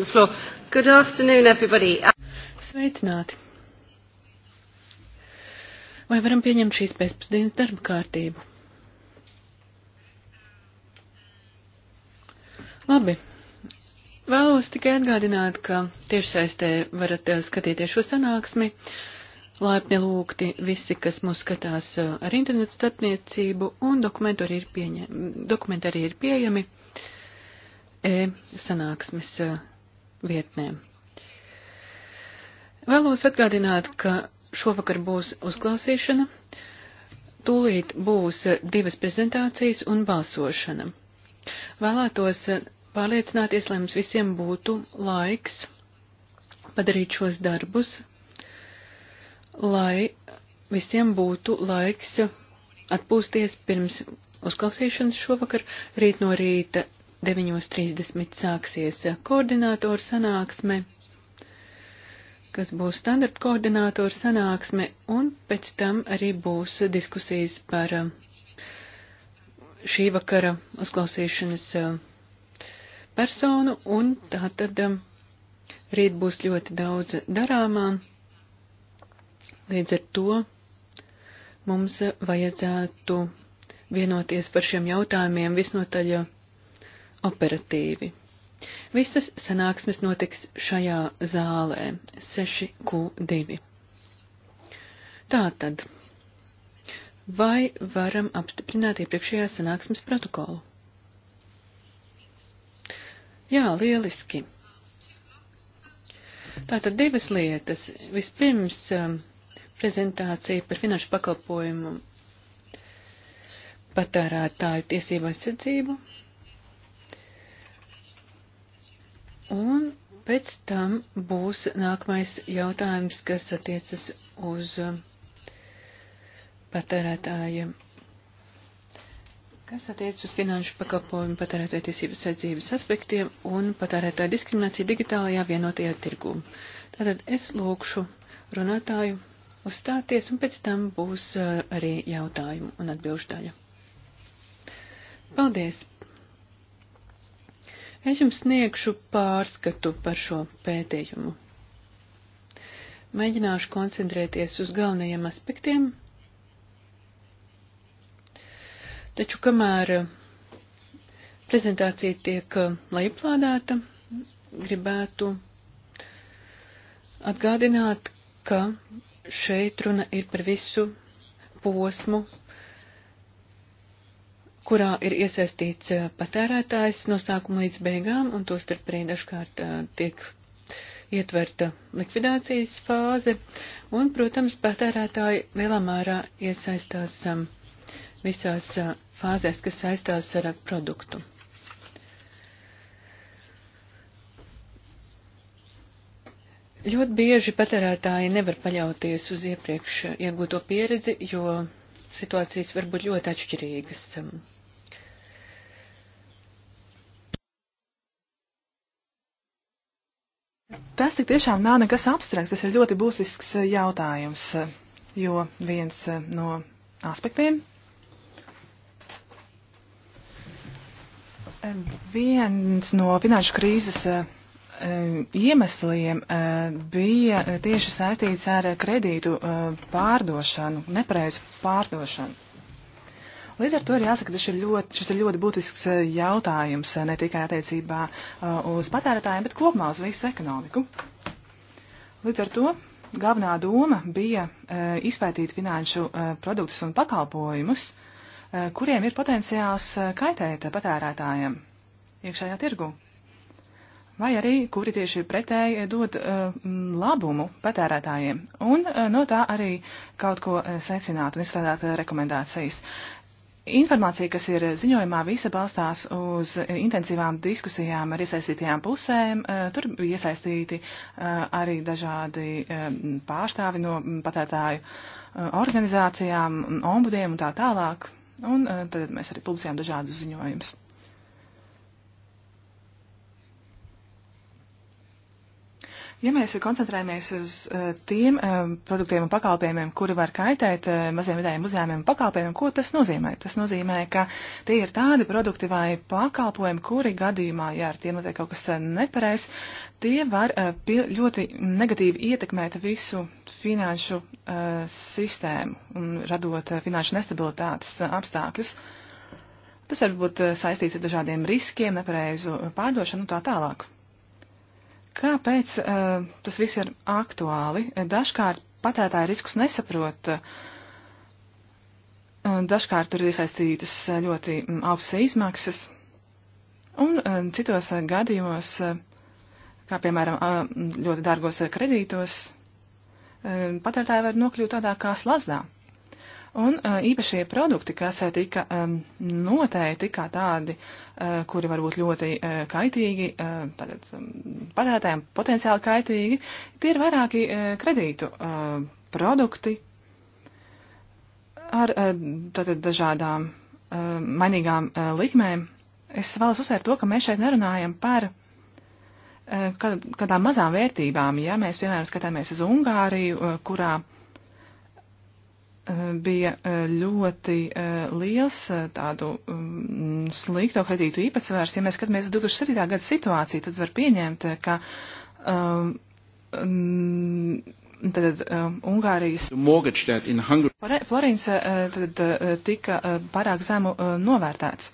on the floor. Good afternoon, everybody. Sveicināti. Vai varam pieņemt šīs pēcpusdienas darba kārtību? Labi. Vēlos tikai atgādināt, ka tiešsaistē varat eh, skatīties šo sanāksmi. Laipni lūgti visi, kas mūs skatās eh, ar internetu starpniecību, un dokumenti arī ir, pieņem, dokumenti arī ir pieejami e sanāksmes eh, vietnēm. Vēlos atgādināt, ka šovakar būs uzklausīšana, tūlīt būs divas prezentācijas un balsošana. Vēlētos pārliecināties, lai mums visiem būtu laiks padarīt šos darbus, lai visiem būtu laiks atpūsties pirms uzklausīšanas šovakar. Rīt no rīta 9.30 sāksies koordinātoru sanāksme, kas būs standarta koordinātoru sanāksme, un pēc tam arī būs diskusijas par um, šī vakara uzklausīšanas um, personu, un tā tad um, rīt būs ļoti daudz darāmā. Līdz ar to mums vajadzētu vienoties par šiem jautājumiem visnotaļ operatīvi. Visas sanāksmes notiks šajā zālē 6Q2. Tātad, vai varam apstiprināt iepriekšējā sanāksmes protokolu? Jā, lieliski. Tātad divas lietas. Vispirms um, prezentācija par finanšu pakalpojumu patērētāju tiesību aizsardzību Un pēc tam būs nākamais jautājums, kas attiecas uz um, patērētājiem. Kas attiecas uz finanšu pakalpojumu patērētāju tiesības aizdzības aspektiem un patērētāju diskrimināciju digitālajā vienotajā tirgū. Tātad es lūkšu runātāju uzstāties, un pēc tam būs uh, arī jautājumu un atbilžu daļa. Paldies! Es jums sniegšu pārskatu par šo pētījumu. Mēģināšu koncentrēties uz galvenajiem aspektiem, taču kamēr prezentācija tiek lejuplādēta, gribētu atgādināt, ka šeit runa ir par visu posmu kurā ir iesaistīts eh, patērētājs no sākuma līdz beigām, un to starp arī dažkārt eh, tiek ietverta likvidācijas fāze, un, protams, patērētāji lielā mērā iesaistās ehm, visās eh, fāzēs, kas saistās ar produktu. Ļoti bieži patērētāji nevar paļauties uz iepriekš iegūto pieredzi, jo situācijas var būt ļoti atšķirīgas. Ehm, Tas tik tiešām nav nekas abstrakts, tas ir ļoti būtisks eh, jautājums, eh, jo viens eh, no aspektiem. Viens no finanšu krīzes iemesliem bija tieši saistīts ar kredītu pārdošanu, nepareizu pārdošanu. Līdz ar to ir jāsaka, ka šis ir ļoti, šis ir ļoti būtisks eh, jautājums eh, ne tikai attiecībā eh, uz patērētājiem, bet kopumā uz visu ekonomiku. Līdz ar to galvenā doma bija izpētīt finanšu produktus un pakalpojumus, kuriem ir potenciāls kaitēt patērētājiem iekšējā tirgu. Vai arī kuri tieši pretēji dod uh, labumu patērētājiem un uh, no tā arī kaut ko uh, secināt un izstrādāt uh, rekomendācijas. Informācija, kas ir ziņojumā, visa balstās uz intensīvām diskusijām ar iesaistītajām pusēm. Eh, tur bija iesaistīti eh, arī dažādi eh, pārstāvi no patētāju organizācijām, ombudiem un tā tālāk. Un tad mēs arī publicējām dažādus ziņojumus. Ja mēs koncentrējamies uz eh, tiem eh, produktiem un pakalpojumiem, kuri var kaitēt eh, maziem vidējiem uzņēmumiem un pakalpojumiem, ko tas nozīmē? Tas nozīmē, ka tie ir tādi produkti vai pakalpojumi, kuri gadījumā, ja ar tiem notiek kaut kas nepareizs, tie var pie, ļoti negatīvi ietekmēt visu finanšu sistēmu un radot finanšu nestabilitātes apstākļus. Tas var būt saistīts ar dažādiem riskiem, nepareizu pārdošanu un tā tālāk. Kāpēc uh, tas viss ir aktuāli? Dažkārt patērētāji riskus nesaprot. Uh, dažkārt tur ir iesaistītas ļoti mm, augstas izmaksas. Un uh, citos uh, gadījumos, uh, kā piemēram uh, ļoti dārgos kredītos, uh, patērētāji var nokļūt tādā kā slazdā. Uh, Un īpašie produkti, kas tika noteikti kā tādi, kuri var būt ļoti kaitīgi, tātad patērētājiem potenciāli kaitīgi, tie ir vairāki kredītu produkti ar tātad dažādām mainīgām likmēm. Es vēlos uzsvērt to, ka mēs šeit nerunājam par kādām mazām vērtībām. Ja mēs, piemēram, skatāmies uz Ungāriju, kurā bija eh, ļoti eh, liels eh, tādu mm, slikto kredītu īpatsvērs. Ja mēs skatāmies uz 2007. gada situāciju, tad var pieņemt, ka mm, tad, Ungārijas Florence tad, tika pārāk zemu novērtēts.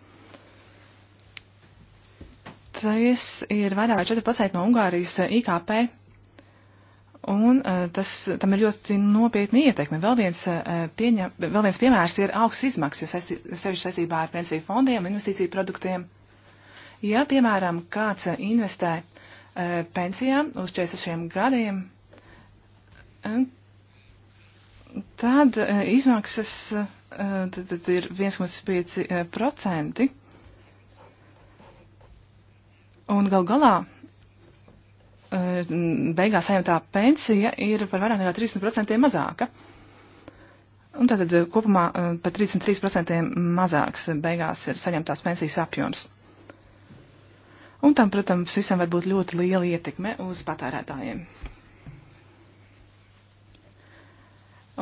Tas ir vairāk vai 4% no Ungārijas IKP. Un eh, tas, tam ir ļoti nopietni ietekme. Vēl viens, eh, pieņem, vēl viens piemērs ir augsts izmaksas, jo saistī, sevišķi saistībā ar pensiju fondiem, investīciju produktiem. Ja, piemēram, kāds eh, investē pensijām uz 46 gadiem, tad izmaksas tad, tad ir 1,5%. Un gal galā Eh, beigās saņemtā pensija ir par vairāk nekā 30% mazāka. Un tātad eh, kopumā eh, par 33% mazāks beigās ir saņemtās pensijas apjoms. Un tam, protams, visam var būt ļoti liela ietekme uz patērētājiem.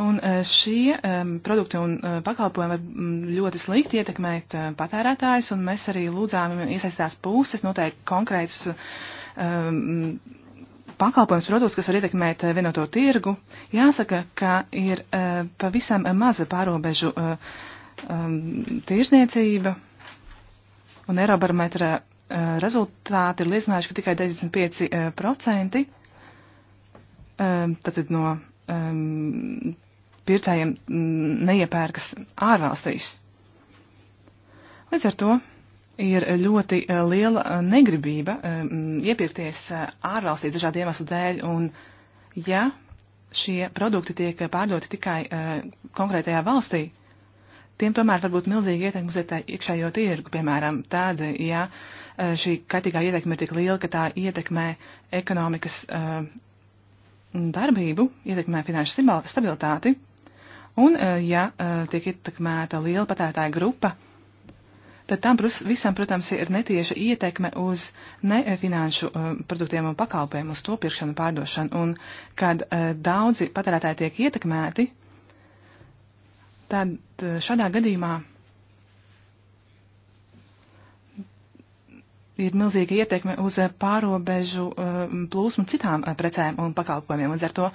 Un šie um, produkti un uh, pakalpojumi var mm, ļoti slikti ietekmēt uh, patērētājus, un mēs arī lūdzām iesaistās puses noteikti konkrētus uh, um, pakalpojums produkts, kas var ietekmēt eh, vienoto tirgu, jāsaka, ka ir uh, pavisam eh, maza pārobežu uh, um, tirzniecība, un Eirobarometra uh, rezultāti ir liecinājuši, ka tikai 95% um, ehm, tātad no um, pircējiem mm, neiepērkas ārvalstīs. Līdz ar to ir ļoti eh, liela eh, negribība eh, iepirkties ārvalstīs dažādu iemeslu dēļ, un ja šie produkti tiek pārdoti tikai konkrētajā valstī, tiem tomēr var būt milzīgi ietekmi uz iekšējo tirgu, piemēram, tad, ja šī kaitīgā ietekme ir tik liela, ka tā ietekmē ekonomikas darbību, ietekmē finanšu stabilitāti, un ja tiek ietekmēta liela patērētāja grupa, tad tam visam, protams, ir netieša ietekme uz nefinanšu eh, produktiem un pakalpojumiem, uz to pirkšanu, pārdošanu. Un kad eh, daudzi patērētāji tiek ietekmēti, tad eh, šādā gadījumā ir milzīga ietekme uz pārobežu plūsmu citām precēm un pakalpojumiem. Līdz ar to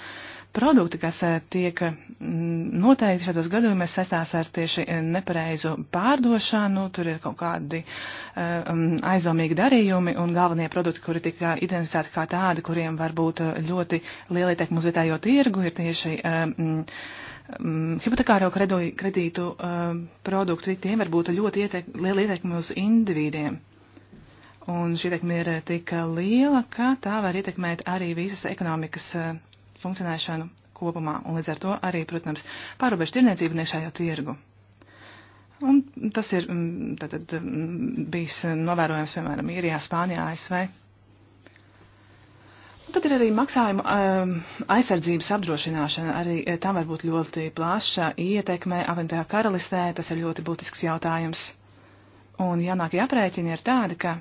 produkti, kas eh, tiek mm, noteikti šādos gadījumos saistās ar tieši eh, nepareizu pārdošanu, tur ir kaut kādi eh, mm, aizdomīgi darījumi un galvenie produkti, kuri tika identificēti kā tādi, kuriem var būt ļoti liela ietekme uz vietējo tirgu, ir tieši mm, hipotekāro kredītu produkti, tiem var būt ļoti ietek, liela ietekme uz individiem un šī ietekme ir tik liela, ka tā var ietekmēt arī visas ekonomikas funkcionēšanu kopumā un līdz ar to arī, protams, pārobežu tirniecību un iekšējo tirgu. Un tas ir tātad, mm, mm, bijis novērojams, piemēram, Īrijā, Spānijā, ASV. Un tad ir arī maksājuma ehm, aizsardzības apdrošināšana. Arī eh, tam var būt ļoti plaša ietekme. Aventajā karalistē tas ir ļoti būtisks jautājums. Un jaunākie aprēķini ir tādi, ka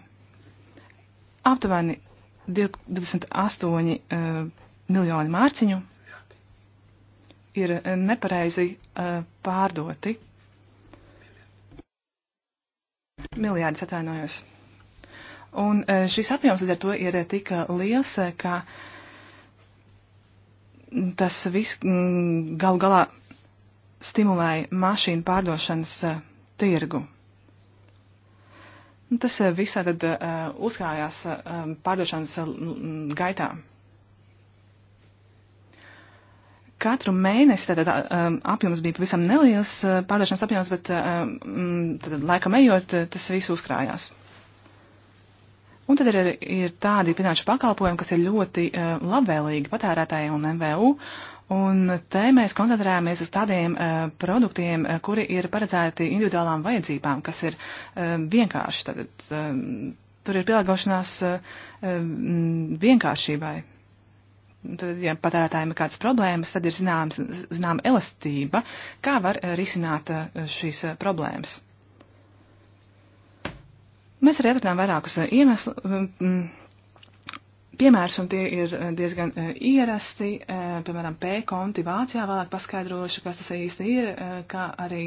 aptuveni 28 miljoni mārciņu ir eh, nepareizi eh, pārdoti. Miljārdus atvainojos. Un eh, šis apjoms līdz ar to ir tik liels, ka tas viss mm, gal galā stimulēja mašīnu pārdošanas tirgu. Tas visā tad uzkrājās pārdošanas gaitā katru mēnesi tātad, apjoms bija pavisam neliels, pārdošanas apjoms, bet tātad, laikam ejot, tas viss uzkrājās. Un tad ir, ir tādi finanšu pakalpojumi, kas ir ļoti labvēlīgi patērētājiem un MVU. Un te mēs koncentrējāmies uz tādiem uh, produktiem, uh, kuri ir paredzēti individuālām vajadzībām, kas ir uh, vienkārši. Tad, uh, tur ir pielāgošanās uh, vienkāršībai tad, ja patērētājiem ir kādas problēmas, tad ir zināms, zinām elastība, kā var eh, risināt eh, šīs eh, problēmas. Mēs arī atradām vairākus iemeslu, piemērus, un tie ir diezgan ierasti, piemēram, P konti Vācijā, vēlāk paskaidrošu, kas tas īsti ir, kā arī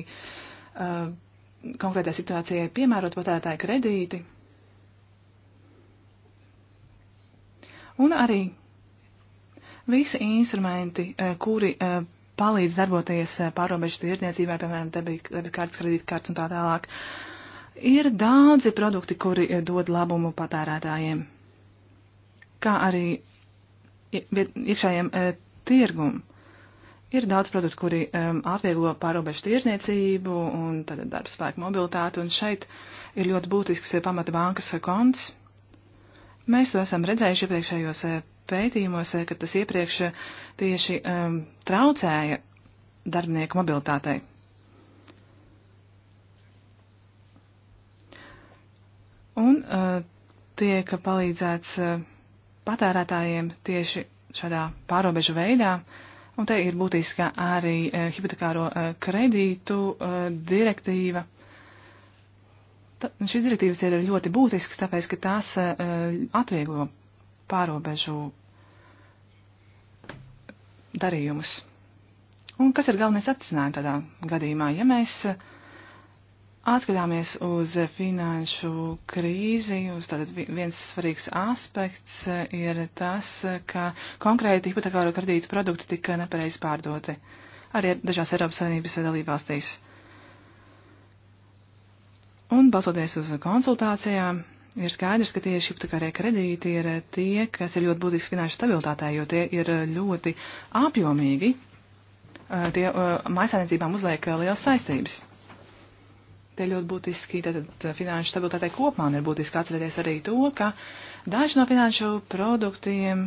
konkrētai situācijai piemērot patērētāju kredīti. Un arī Visi instrumenti, eh, kuri eh, palīdz darboties eh, pārobežu tirdzniecībai, piemēram, debitkārtas, kredītkārtas un tā tālāk, ir daudzi produkti, kuri dod labumu patērētājiem, kā arī iekšējiem tirgumam. Ir daudz produktu, kuri um, atvieglo pārobežu tirzniecību un tad darba spēku mobilitāti, un šeit ir ļoti būtisks pamata bankas konts. Mēs to esam redzējuši iepriekšējos pētījumos, eh, ka tas iepriekš eh, tieši um, traucēja darbinieku mobilitātei. Un uh, tiek palīdzēts uh, patērētājiem tieši šādā pārobežu veidā, un te ir būtiskā arī uh, hipotekāro uh, kredītu uh, direktīva. Ta, šis direktīvas ir ļoti būtisks, tāpēc, ka tās uh, atvieglo pārobežu darījumus. Un kas ir galvenais atcinājums tādā gadījumā? Ja mēs atskatāmies uz finanšu krīzi, uz tātad viens svarīgs aspekts eh, ir tas, ka konkrēti hipotekāro kredītu produkti tika nepareiz pārdoti arī dažās Eiropas Savienības dalībvalstīs. Un balsoties uz konsultācijām, ir skaidrs, ka tieši hipotekārie kredīti ir eh, tie, kas ir ļoti būtiski finanšu stabilitātē, jo tie ir eh, ļoti apjomīgi. Eh, tie mājasēmniecībām uzliek liels saistības. Tie ļoti būtiski tātad, finanšu stabilitātei kopumā un ir būtiski atcerēties arī to, ka daži no finanšu produktiem,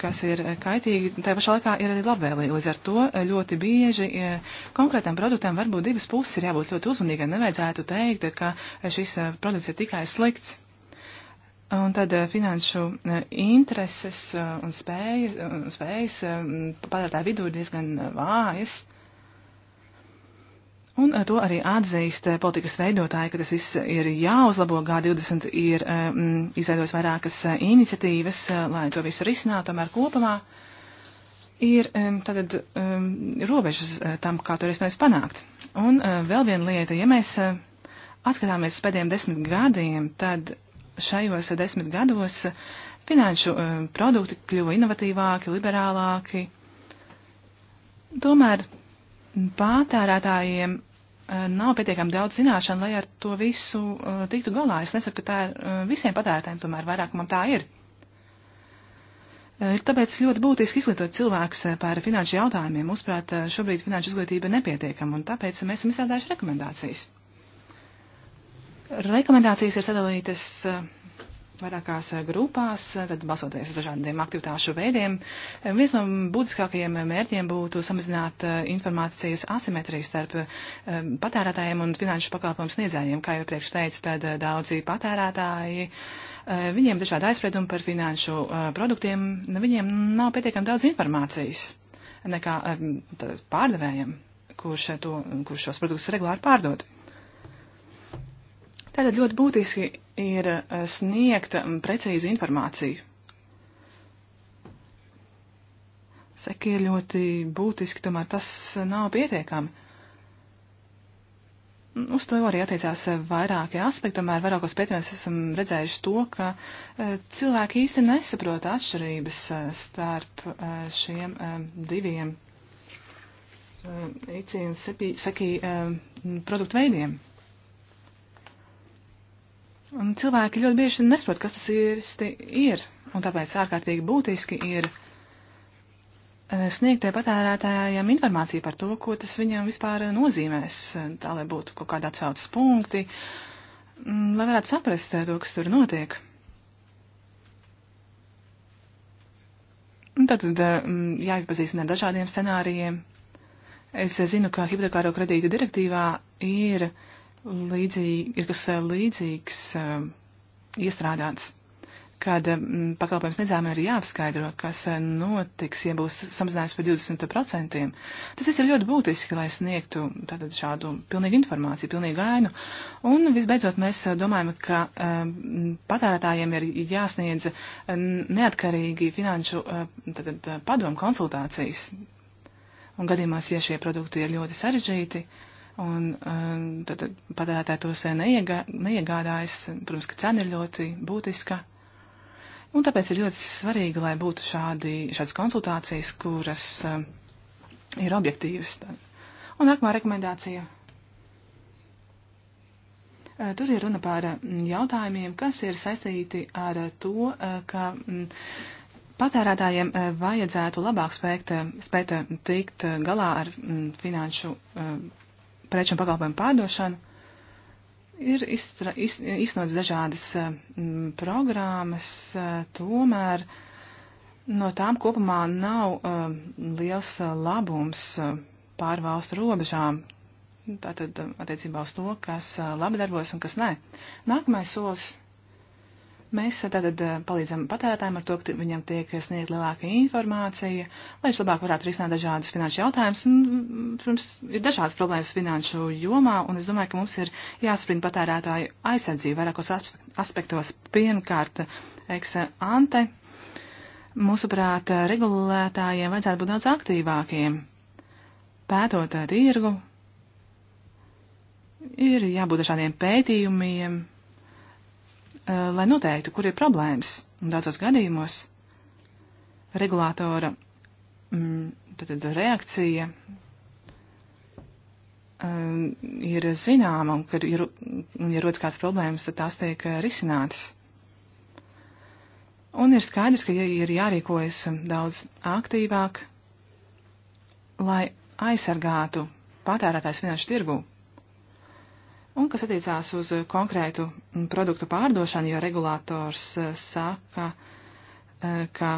kas ir kaitīgi, tajā pašā laikā ir arī labvēlīgi. Līdz ar to ļoti bieži konkrētam produktam varbūt divas puses ir jābūt ļoti uzmanīgai. Nevajadzētu teikt, ka šis produkts ir tikai slikts Un tad eh, finanšu eh, intereses eh, un spēja, spējas patērētāju vidū ir diezgan vājas. Un to arī atzīst politikas veidotāji, ka tas viss ir jāuzlabo. G20 ir mm, izveidojis vairākas iniciatīvas, lai to visu risinātu, tomēr kopumā ir tātad um, robežas tam, kā to iespējams panākt. Un uh, vēl viena lieta, ja mēs uh, atskatāmies uz pēdējiem desmit gadiem, tad šajos desmit gados eh, finanšu eh, produkti kļuva inovatīvāki, liberālāki. Tomēr pārtērētājiem eh, nav pietiekami daudz zināšanu, lai ar to visu tiktu galā. Es nesaku, ka tā ir visiem patērētājiem, tomēr vairākumam tā ir. Ir tāpēc ļoti būtiski izglītot cilvēkus par finanšu jautājumiem. Mūsuprāt, šobrīd finanšu izglītība ir nepietiekama, un tāpēc mēs esam izstrādājuši rekomendācijas. Rekomendācijas ir sadalītas eh, vairākās eh, grupās, eh, tad balsoties uz dažādiem aktivitāšu veidiem. Viens no būtiskākajiem mērķiem būtu samazināt informācijas asimetriju starp patērētājiem un finanšu pakalpojumu sniedzējiem. Kā jau priekš teicu, tad daudzi patērētāji, viņiem dažādi aizspriedumi par finanšu produktiem, viņiem nav pietiekami daudz informācijas nekā pārdevējiem, kurš, to, kurš šos produktus regulāri pārdod. Tātad ļoti būtiski ir eh, sniegt precīzu informāciju. Seki ir ļoti būtiski, tomēr tas nav pietiekami. Uz to arī attiecās vairākie aspekti, tomēr vairākos pētījumos esam redzējuši to, ka eh, cilvēki īsti nesaprot atšķirības eh, starp šiem diviem ICI un SEPI produktu veidiem. Un cilvēki ļoti bieži nesaprot, kas tas īsti ir, un tāpēc ārkārtīgi būtiski ir eh, sniegt patērētājiem informāciju par to, ko tas viņam vispār nozīmēs, tā lai būtu kaut kāda atsaucas punkti, mm, lai varētu saprast eh, to, kas tur notiek. Un tad eh, mm, jāiepazīstina ar dažādiem scenārijiem. Es zinu, ka hipotekāro kredītu direktīvā ir uh, līdzīgi, ir kas eh, līdzīgs eh, iestrādāts, kad mm, pakalpojums nedzēmē ir jāapskaidro, kas eh, notiks, ja būs samazinājums par 20%. Tas viss ir ļoti būtiski, lai sniegtu tātad šādu pilnīgu informāciju, pilnīgu ainu. Un visbeidzot, mēs domājam, ka patērētājiem ir jāsniedz neatkarīgi finanšu tātad, padomu konsultācijas. Un gadījumās, ja šie produkti ir ļoti sarežģīti, uh, Un um, tad patērētāji tos neiegā, neiegādājas, protams, ka cena ir ļoti būtiska. Un tāpēc ir ļoti svarīgi, lai būtu šādi, šādas konsultācijas, kuras uh, ir objektīvas. Un nākamā rekomendācija. Uh, tur ir runa par uh, jautājumiem, kas ir saistīti ar uh, to, uh, ka mm, patērētājiem uh, vajadzētu labāk spēt, spēt tikt galā ar mm, finanšu preču un pakalpojumu pārdošanu, ir izsnots dažādas eh, programmas, eh, tomēr no tām kopumā nav eh, liels labums pār valstu robežām. Tātad attiecībā uz to, kas labi darbos un kas nē. Nākamais solis Mēs eh, tātad eh, palīdzam patērētājiem ar to, ka viņam tiek sniegt lielāka informācija, lai viņš labāk varētu risināt dažādus finanšu jautājumus. Mm, protams, ir dažādas problēmas finanšu jomā, un es domāju, ka mums ir jāsaprina patērētāju aizsardzību vairākos aspektos. Pirmkārt, eksa ante. Mūsuprāt, regulētājiem vajadzētu būt daudz aktīvākiem. Pētot tirgu, ir jābūt dažādiem pētījumiem Uh, lai noteiktu, kur ir problēmas. Un daudzos gadījumos regulātora tātad, mm, reakcija uh, ir zināma, un, kad ir, ja rodas kādas problēmas, tad tās tiek uh, risinātas. Un ir skaidrs, ka ir jārīkojas um, daudz aktīvāk, lai aizsargātu patērētājs finanšu tirgū. Un kas attiecās uz eh, konkrētu mm, produktu pārdošanu, jo regulators eh, saka, eh, ka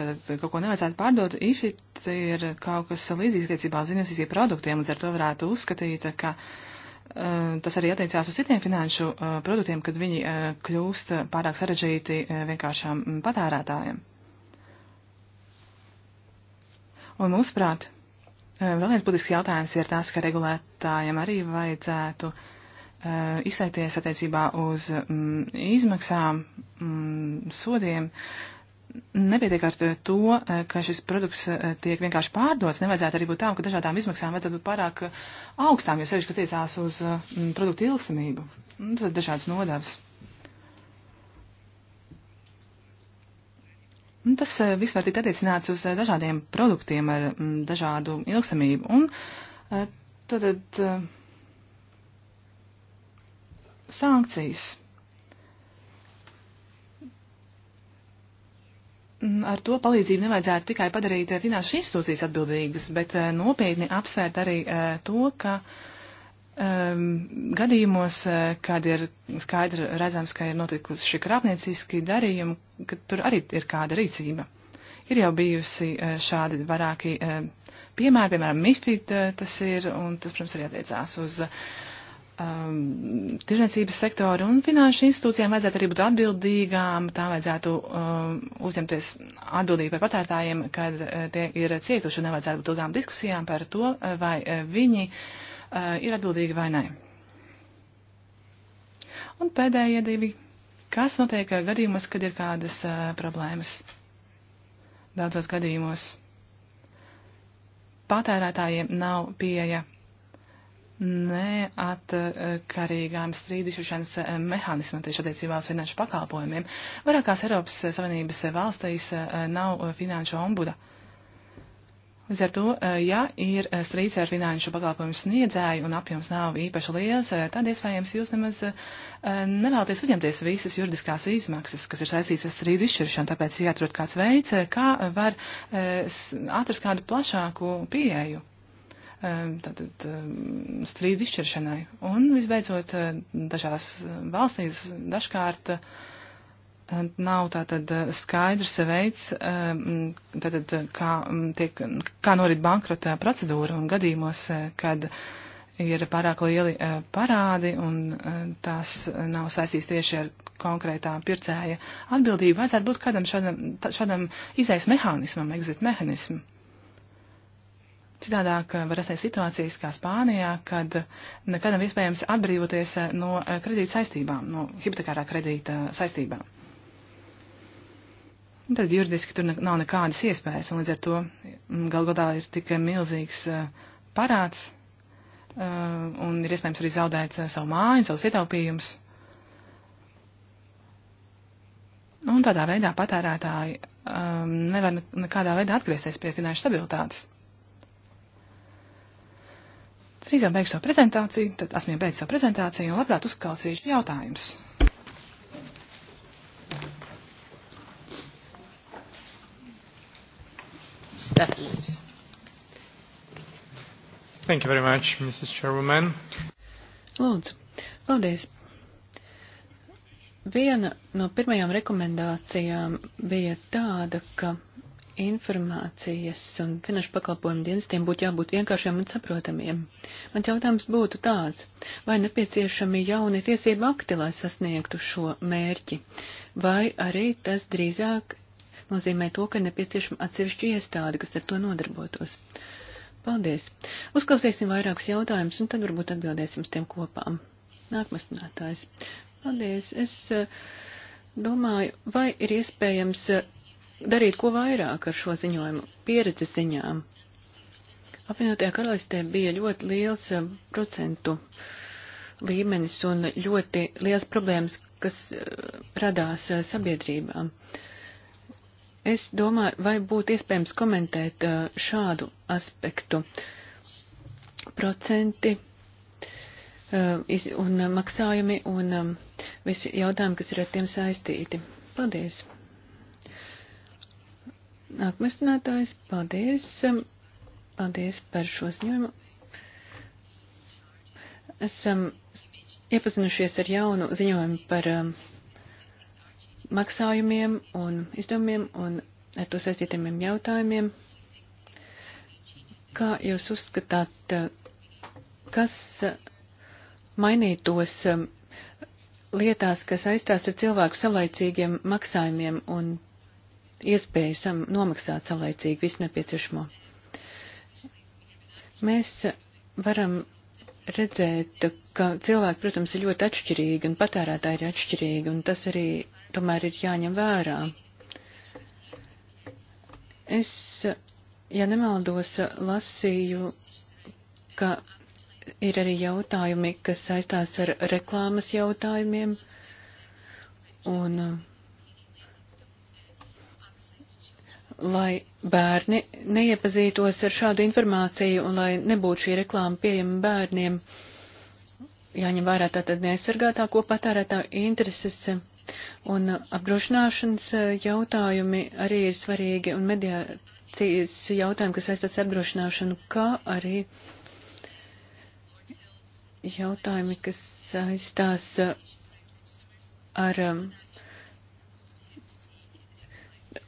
tad kaut ko nevajadzētu pārdot, IFIT ir kaut kas līdzīgs attiecībā uz investīciju produktiem, līdz ar to varētu uzskatīt, ka tas arī attiecās uz citiem finanšu produktiem, kad viņi kļūst pārāk sarežģīti vienkāršām mm, patērētājiem. Un mūsuprāt, vēl viens būtisks jautājums ir tas, ka regulētājiem arī vajadzētu uh, Eh, izteikties attiecībā uz mm, izmaksām, mm, sodiem. Nepietiek ar to, eh, ka šis produkts eh, tiek vienkārši pārdots. Nevajadzētu arī būt tām, ka dažādām izmaksām vajadzētu būt pārāk augstām, jo sevišķi, ka tiecās uz mm, produktu ilgstamību. Un nu, tad dažādas nodevas. Un nu, tas viss var tikt attiecināts uz dažādiem produktiem ar mm, dažādu ilgstamību. Un tad, tad sankcijas. Mm, ar to palīdzību nevajadzētu tikai padarīt eh, finanšu institūcijas atbildīgas, bet eh, nopietni apsvērt arī eh, to, ka um, gadījumos, kad ir skaidri redzams, ka ir notikusi šie krāpnieciski darījumi, ka tur arī ir kāda rīcība. Ir jau bijusi šādi vairāki piemēri, piemēram, MIFID tas ir, un tas, protams, arī attiecās uz uh, um, tirzniecības sektoru un finanšu institūcijām vajadzētu arī būt atbildīgām, tā vajadzētu um, uzņemties atbildību par patērtājiem, kad uh, tie ir cietuši un nevajadzētu būt ilgām diskusijām par to, uh, vai uh, viņi uh, ir atbildīgi vai nē. Un pēdējie divi. Kas notiek gadījumos, kad ir kādas uh, problēmas? Daudzos gadījumos patērētājiem nav pieeja neatkarīgām strīdišušanas eh, mehānismam tieši attiecībā uz finanšu pakalpojumiem. Vairākās Eiropas eh, Savienības eh, valstīs nav finanšu ombuda. Līdz ar to, ja ir strīds ar finanšu pakalpojumu sniedzēju un apjoms nav īpaši liels, tad iespējams jūs nemaz nevēlaties uzņemties visas juridiskās izmaksas, kas ir saistīts ar strīdu izšķiršanu, tāpēc jāatrod kāds veids, kā var atrast kādu plašāku pieeju tātad, strīdu izšķiršanai. Un visbeidzot, dažās valstīs dažkārt nav tātad skaidrs veids, tātad, kā, tiek, kā norit bankrota procedūra un gadījumos, eh, kad ir pārāk lieli eh, parādi un tās nav saistīts tieši ar konkrētā pircēja atbildību. Vajadzētu būt kādam šādam, šādam izējas mehānismam, exit mehānismam. Citādāk eh, var rasties situācijas kā Spānijā, kad eh, nekad nav iespējams atbrīvoties eh, no kredīta saistībām, no hipotekārā kredīta saistībām. Tad juridiski tur nav nekādas iespējas, un līdz ar to mm, galu galā ir tikai milzīgs parāds, un ir iespējams arī zaudēt savu māju, savus ietaupījumus. Un tādā veidā patērētāji um, nevar nekādā veidā atgriezties pie finanšu stabilitātes. Trīs jau beigšu savu prezentāciju, tad esmu jau beigšu savu prezentāciju un labprāt uzklausīšu jautājumus. Stephanie. Thank you very much, Mrs. Chairwoman. Lūdzu, paldies. Viena no pirmajām rekomendācijām bija tāda, ka informācijas un finanšu pakalpojumu dienestiem būtu jābūt vienkāršiem un saprotamiem. Mans jautājums būtu tāds, vai nepieciešami jauni tiesību akti, lai sasniegtu šo mērķi, vai arī tas drīzāk nozīmē to, ka nepieciešama atsevišķa iestāde, kas ar to nodarbotos. Paldies! Uzklausīsim vairākus jautājumus un tad varbūt atbildēsim uz tiem kopām. Nākamais runātājs. Paldies! Es eh, domāju, vai ir iespējams eh, darīt ko vairāk ar šo ziņojumu pieredzes ziņām. Apvienotajā karalistē bija ļoti liels eh, procentu līmenis un ļoti liels problēmas, kas eh, radās eh, sabiedrībām. Es domāju, vai būtu iespējams komentēt šādu aspektu. Procenti un maksājumi un visi jautājumi, kas ir ar tiem saistīti. Paldies! Nākamais runātājs, paldies. Paldies par šo ziņojumu. Esam iepazinušies ar jaunu ziņojumu par um, maksājumiem un izdevumiem un ar to saistītiem jautājumiem. Kā jūs uzskatāt, kas mainītos um, lietās, kas aizstās ar cilvēku savlaicīgiem maksājumiem un iespēju sam, nomaksāt saulēcīgi visu nepieciešamo. Mēs varam redzēt, ka cilvēki, protams, ir ļoti atšķirīgi un patērētāji ir atšķirīgi, un tas arī tomēr ir jāņem vērā. Es, ja nemaldos, lasīju, ka ir arī jautājumi, kas saistās ar reklāmas jautājumiem, un uh, lai bērni neiepazītos ar šādu informāciju un lai nebūtu šī reklāma pieejama bērniem. Jāņem vērā tātad neaizsargātāko patērētāju intereses un apdrošināšanas jautājumi arī ir svarīgi un mediācijas jautājumi, kas saistās apdrošināšanu, kā arī jautājumi, kas saistās ar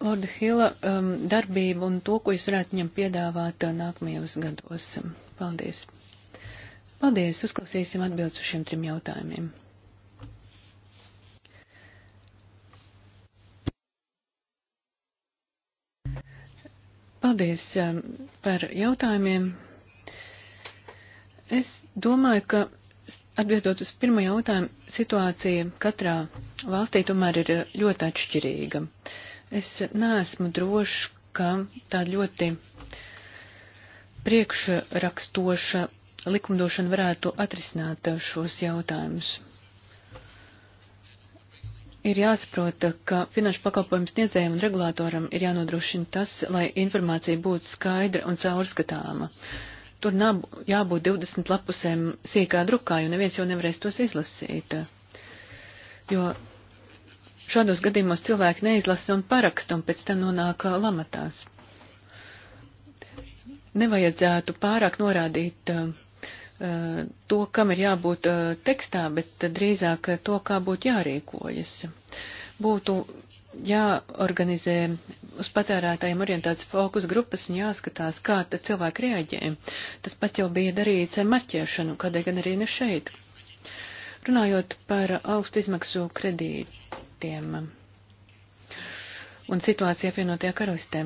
Lorda Hila um, darbību un to, ko jūs varētu viņam piedāvāt uh, nākamajos gados. Paldies. Paldies. Uzklausīsim atbildus uz šiem trim jautājumiem. Paldies um, par jautājumiem. Es domāju, ka atbildot uz pirmo jautājumu, situācija katrā valstī tomēr ir uh, ļoti atšķirīga. Uh, Es neesmu drošs, ka tā ļoti priekšrakstoša likumdošana varētu atrisināt šos jautājumus. Ir jāsaprot, ka finanšu pakalpojumu sniedzējiem un regulātoram ir jānodrošina tas, lai informācija būtu skaidra un caurskatāma. Tur nav jābūt 20 lapusēm sīkā drukā, jo neviens jau nevarēs tos izlasīt. Jo Šādos gadījumos cilvēki neizlasa un paraksta un pēc tam nonāk lamatās. Nevajadzētu pārāk norādīt uh, to, kam ir jābūt uh, tekstā, bet drīzāk to, kā būtu jārīkojas. Būtu jāorganizē uz patērētājiem orientētas fokus grupas un jāskatās, kā cilvēki reaģē. Tas pat jau bija darīts ar marķēšanu, kādēļ gan arī ne šeit. Runājot par augstu izmaksu kredītu Emirātiem un situācija apvienotajā karalistē.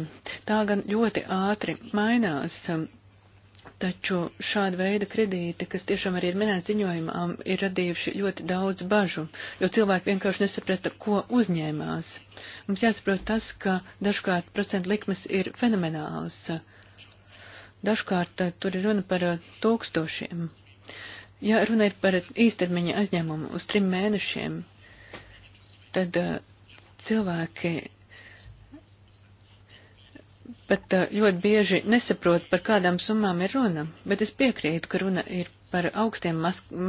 Tā gan ļoti ātri mainās, taču šāda veida kredīti, kas tiešām arī ir minēti ziņojumā, ir radījuši ļoti daudz bažu, jo cilvēki vienkārši nesaprata, ko uzņēmās. Mums jāsaprot tas, ka dažkārt procentu likmes ir fenomenālas. Dažkārt eh, tur ir runa par eh, tūkstošiem. Ja runa ir par īstermiņa aizņēmumu uz trim mēnešiem, tad uh, cilvēki pat uh, ļoti bieži nesaprot, par kādām summām ir runa, bet es piekrītu, ka runa ir par augstiem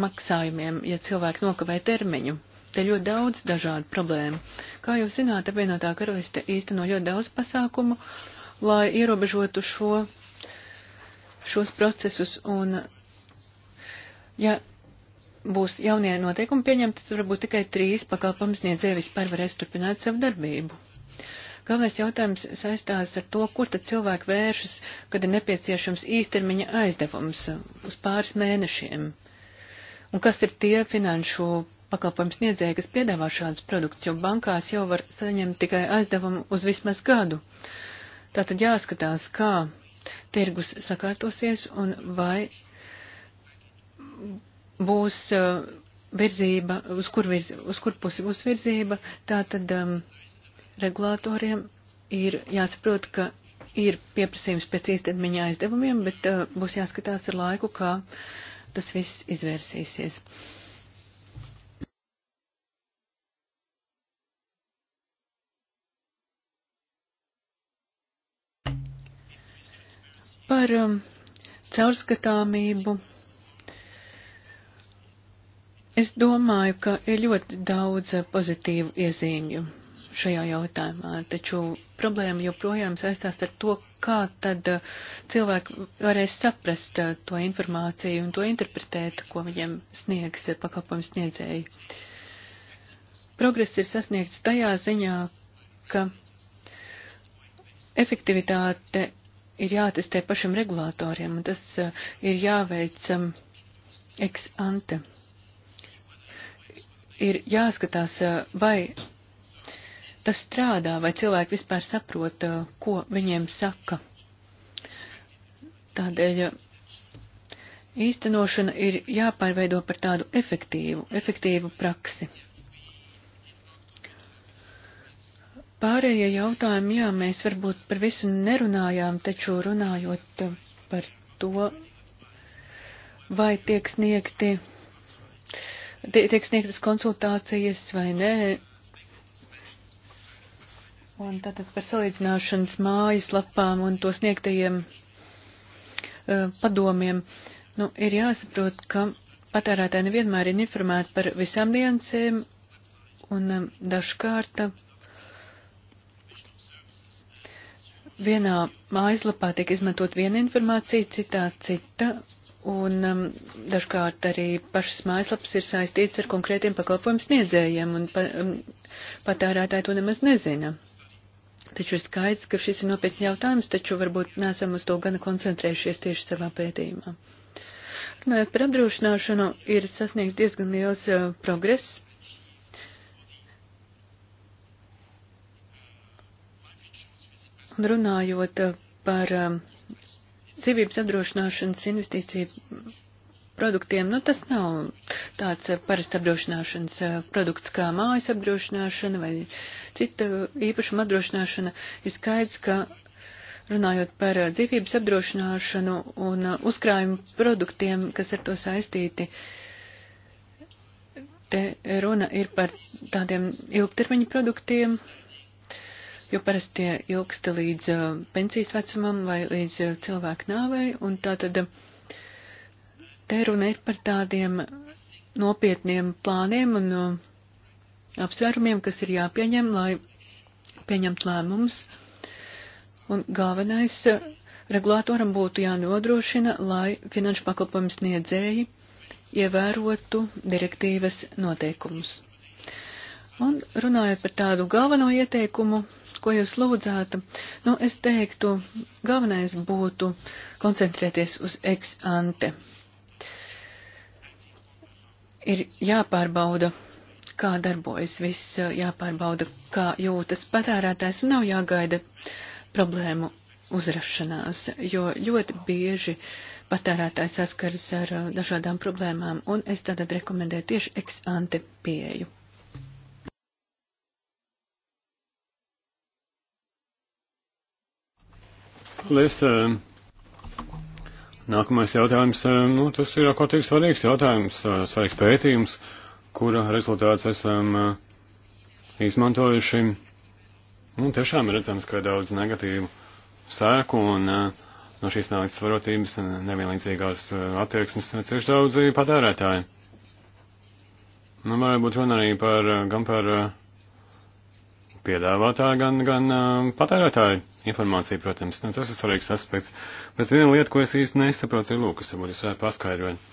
maksājumiem, ja cilvēki nokavē termiņu. Te ļoti daudz dažādu problēmu. Kā jūs zināt, apvienotā karaliste īsteno ļoti daudz pasākumu, lai ierobežotu šo, šos procesus. Un, ja būs jaunie noteikumi pieņemti, tad varbūt tikai trīs pakalpojums niedzēji vispār varēs turpināt savu darbību. Galvenais jautājums saistās ar to, kur tad cilvēki vēršas, kad ir nepieciešams īstermiņa aizdevums uz pāris mēnešiem. Un kas ir tie finanšu pakalpojums niedzēji, kas piedāvā šādus produktus, jo bankās jau var saņemt tikai aizdevumu uz vismaz gadu. Tātad jāskatās, kā tirgus sakārtosies un vai būs uh, virzība, uz kur, virz, uz kur pusi būs virzība, tā tad um, regulātoriem ir jāsaprot, ka ir pieprasījums pēc īstermiņa aizdevumiem, bet uh, būs jāskatās ar laiku, kā tas viss izvērsīsies. Par um, caurskatāmību Es domāju, ka ir ļoti daudz pozitīvu iezīmju šajā jautājumā, taču problēma joprojām saistās ar to, kā tad uh, cilvēki varēs saprast uh, to informāciju un to interpretēt, ko viņiem sniegs uh, pakalpojums sniedzēji. Progress ir sasniegts tajā ziņā, ka efektivitāte ir jātestē pašam regulātoriem, un tas ir jāveic um, ex ante ir jāskatās, eh, vai tas strādā, vai cilvēki vispār saprot, eh, ko viņiem saka. Tādēļ eh, īstenošana ir jāpārveido par tādu efektīvu, efektīvu praksi. Pārējie jautājumi, jā, mēs varbūt par visu nerunājām, taču runājot par to, vai tiek sniegti tiek sniegtas konsultācijas vai nē. Un tātad par salīdzināšanas mājas lapām un to sniegtajiem uh, padomiem. Nu, ir jāsaprot, ka patērētāji nevienmēr ir informēti par visām niansēm un um, dažkārt e, vienā mājaslapā tiek izmantot viena informācija, citā cita, Un um, dažkārt arī pašas mājaslapas ir saistītas ar konkrētiem pakalpojumu sniedzējiem, un pa, um, patērētāji to nemaz nezina. Taču ir skaidrs, ka šis ir nopietni jautājums, taču varbūt nesam uz to gana koncentrējušies tieši savā pētījumā. Runājot par apdrošināšanu, ir sasniegts diezgan liels uh, progress. Un runājot uh, par uh, dzīvības apdrošināšanas investīciju produktiem, nu tas nav tāds eh, parasts apdrošināšanas eh, produkts kā mājas apdrošināšana vai cita īpašuma apdrošināšana. Ir skaidrs, ka runājot par eh, dzīvības apdrošināšanu un uzkrājumu produktiem, kas ar to saistīti, te runa ir par tādiem ilgtermiņa produktiem, jo parasti tie ilgst līdz eh, pensijas vecumam vai līdz eh, cilvēku nāvei, un tātad eh, te runa ir par tādiem nopietniem plāniem un apsvērumiem, kas ir jāpieņem, lai pieņemt lēmumus. Un galvenais regulātoram būtu jānodrošina, lai finanšu pakalpojumu sniedzēji ievērotu direktīvas noteikumus. Un runājot par tādu galveno ieteikumu, ko jūs lūdzātu, nu, es teiktu, galvenais būtu koncentrēties uz ex ante. Ir jāpārbauda, kā darbojas viss, jāpārbauda, kā jūtas patērētājs, un nav jāgaida problēmu uzrašanās, jo ļoti bieži patērētājs saskaras ar dažādām problēmām, un es tātad rekomendēju tieši ex ante pieeju. Paldies. Nākamais jautājums, eh, nu, tas ir kaut kāds svarīgs jautājums, eh, svarīgs pētījums, kura rezultāts esam eh, izmantojuši. Nu, tiešām ir redzams, ka ir daudz negatīvu sēku un no šīs nelīdzsvarotības un nevienlīdzīgās attieksmes cieši daudzi patērētāji. Nu, varbūt runa arī par, gan par piedāvātāji, gan, gan um, patērētāji informācija, protams. Nu, tas ir svarīgs aspekts. Bet viena lieta, ko es īsti nesaprotu, ir lūk, kas varbūt es varētu paskaidrot.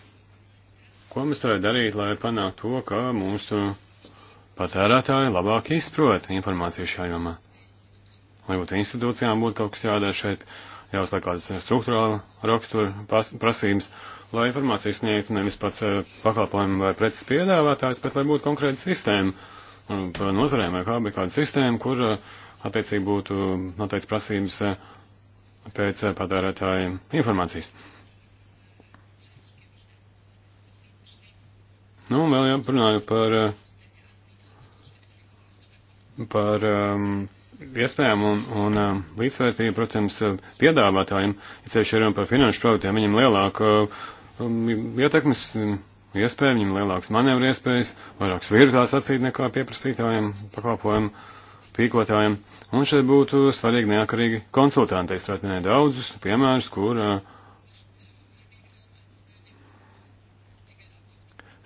Ko mēs varētu darīt, lai panāktu to, ka mūsu patērētāji labāk izprot informāciju šajā jomā? Lai būtu institūcijām būtu kaut kas jādara šeit, jāuzliek kādas struktūrāla rakstura prasības, lai informāciju sniegtu nevis pats eh, pakalpojumu vai preces piedāvātājs, bet lai būtu konkrēta sistēma pa nozarēm vai kā, bet kāda sistēma, kur eh, attiecīgi būtu noteikts prasības eh, pēc eh, patērētāja informācijas. Nu, un vēl jāparunāju par, par um, iespējām un, un um, līdzvērtību, protams, piedāvātājiem, ja ceļš ir par finanšu produktiem, viņam lielāka um, ietekmes. Um, iespēja, viņam lielāks manevru iespējas, vairāk sviru tā sacīt nekā pieprasītājiem, pakalpojumu pīkotājiem. Un šeit būtu svarīgi neakarīgi konsultanti. Es varētu minēt daudzus piemērus, kur uh,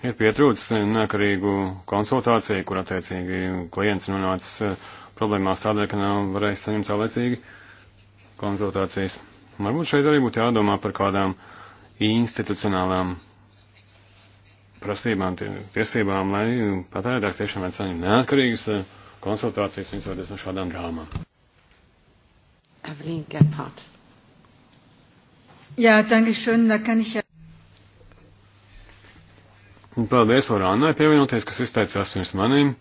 ir pietrūcis neakarīgu konsultāciju, kur attiecīgi klients nonācis uh, problēmās tādēļ, ka nav varējis saņemt saulēcīgi konsultācijas. Varbūt šeit arī būtu jādomā par kādām institucionālām prasībām, tiesībām, lai patērētājs tiešām varētu saņemt neatkarīgas eh, konsultācijas un izvairīties no šādām drāmām. Evelīna Gephardt. Jā, danke schön, da kann ich ja. Paldies Orānai nu, pievienoties, kas izteicās pirms manīm.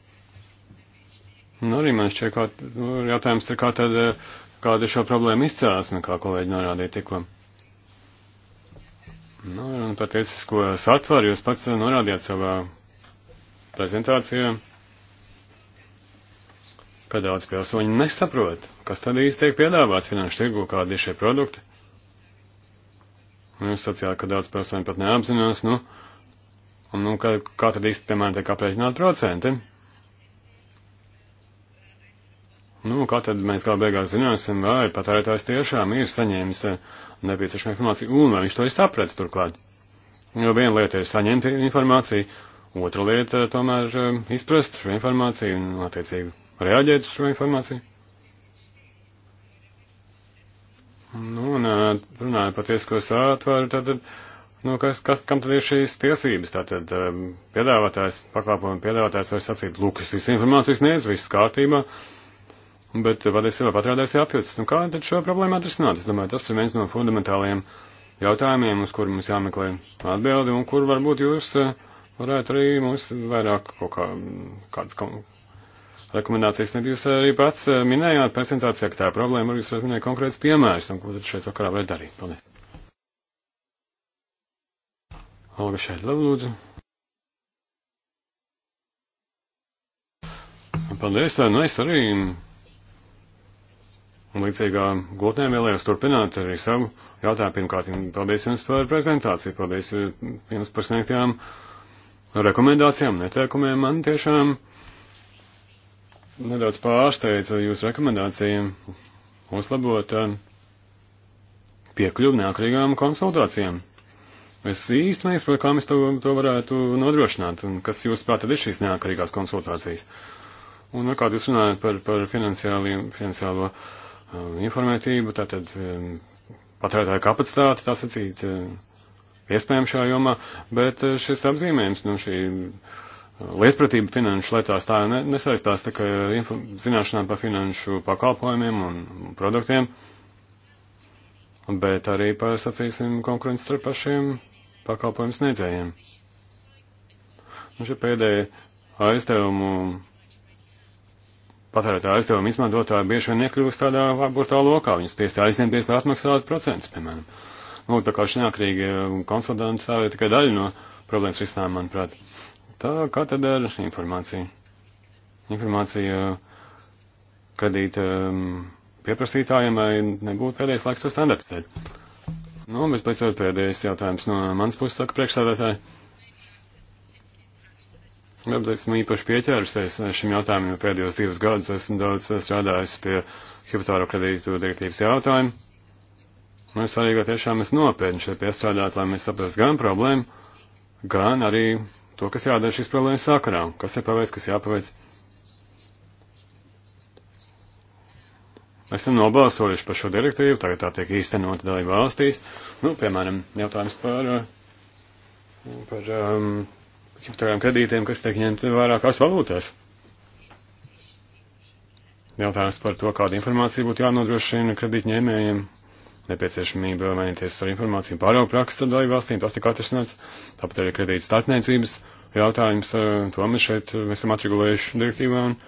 Un nu, arī man šķiet, kā, nu, jautājums ir, kā tad, eh, kāda ir šo problēmu izcēlesme, kā kolēģi norādīja tikko. Nu, un par tiesisko satvaru jūs pats norādījāt savā prezentācijā, ka daudz pilsoņu nesaprot, kas tad īsti tiek piedāvāts finanšu tirgu, kādi ir šie produkti. Un nu, jūs sacījāt, ka daudz pilsoņu pat neapzinās, nu, un, nu, kā, kā tad īsti, piemēram, tiek aprēķināt procenti. Nu, kā tad mēs kā beigās zināsim, vai patērētājs tiešām ir saņēmis eh, nepieciešamo informāciju un vai viņš to ir sapratis turklāt. Jo viena lieta ir saņemt informāciju, otra lieta eh, tomēr eh, izprast šo informāciju un attiecīgi reaģēt uz šo informāciju. Nu, un runājot par tiesisko sātvaru, tad, nu, kas, kas, kam tad ir šīs tiesības? Tātad piedāvātājs, pakalpojumu piedāvātājs var sacīt, lūk, šīs informācijas neizvis kārtībā. Uh, bet eh, vadīs vēl patrādās jāpjūtas. Nu, kā tad šo problēmu atrisināt? Es domāju, tas ir viens no fundamentāliem jautājumiem, uz kuru mums jāmeklē atbildi un kur varbūt jūs eh, varētu arī mums vairāk kaut kā, kādas rekomendācijas. Ne, jūs arī pats eh, minējāt prezentācijā, ka tā problēma arī jūs varat minēt konkrēts piemērs, un ko tad šeit sakarā varētu darīt. Paldies. Olga šeit labu lūdzu. Paldies, tā, nu es arī Un līdzīgā glotnē vēlējos turpināt arī savu jautājumu. Pirmkārt, paldies jums par prezentāciju, paldies eh, jums par sniegtajām rekomendācijām, neteikumiem. Man tiešām nedaudz pārsteidza jūsu rekomendācija uzlabot eh, piekļuvu neakrīgām konsultācijām. Es īsti neizprotu, kā mēs to, to varētu nodrošināt, un kas jūs prāt ir šīs neakrīgās konsultācijas. Un, kā jūs runājat par, par finansiālo Um, informētību, tātad um, patērētāju kapacitāti, tā sacīt, um, iespējams šajā jomā, bet uh, šis apzīmējums, nu, šī uh, lietpratība finanšu lietās tā nesaistās tikai zināšanām par finanšu pakalpojumiem un produktiem, bet arī par, sacīsim, konkurences starp pašiem pakalpojumu sniedzējiem. Un nu, šie pēdējie aizdevumu patērētāja aizdevuma izmantotāji bieži vien iekļūst tādā burtā lokā. Viņas piestā aizņemties, lai atmaksātu procentus, piemēram. Nu, tā kā šī nākrīga konsultants tā ir tikai daļa no problēmas risinājuma, manuprāt. Tā kā tad ar informāciju? Informācija eh, kredīt um, pieprasītājiem, lai nebūtu pēdējais laiks to standartizēt. Nu, bet pēc tam pēdējais jautājums no manas puses, saka priekšsādātāji. Tāpēc esmu īpaši pieķērusies šim jautājumam, jo pēdējos divus gadus esmu daudz strādājis pie hipotāro kredītu direktīvas jautājumu. Man ir svarīgi, ka tiešām es nopietni šeit piestrādāt, lai mēs saprastu gan problēmu, gan arī to, kas jādara šīs problēmas sakarā, kas ir paveic, kas jāpaveic. Esam nobalsojuši par šo direktīvu, tagad tā tiek īstenota dalība valstīs. Nu, piemēram, jautājums par, par um, tādiem kredītiem, kas tiek ņemti vairākās valūtās. Jautājums par to, kāda informācija būtu jānodrošina kredītņēmējiem, nepieciešamība mainīties ar informāciju pārāk praksa dalību valstīm, tas tika atrisināts, tāpat arī kredīta starpniecības jautājums, eh, to mēs šeit eh, mēs esam atregulējuši direktīvā, un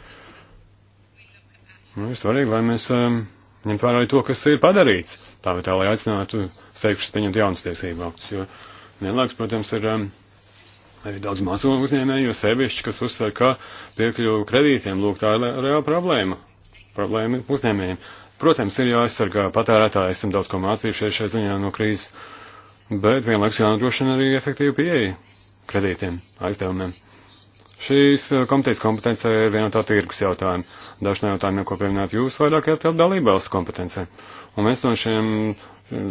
nu, ir svarīgi, lai mēs eh, ņemt vērā arī to, kas ir padarīts, tā vai tā, lai aicinātu steigšus pieņemt jaunas tiesību aktus, jo vienlaiks, protams, ir ir daudz mazo uzņēmēju, sevišķi, kas uzsver, ka piekļuvu kredītiem, lūk, tā ir reāla problēma. Problēma uzņēmējiem. Protams, ir jāaizsargā patērētāji, esam daudz ko mācījušies šai ziņā no krīzes, bet vienlaiks jānodrošina arī efektīva pieeja kredītiem, aizdevumiem. Šīs eh, komitejas kompetence ir vienotā tirgus jautājuma. Daži no jautājumiem, ko pieminējāt jūs, vairāk atbild dalībvalsts kompetencē. Un viens no šiem,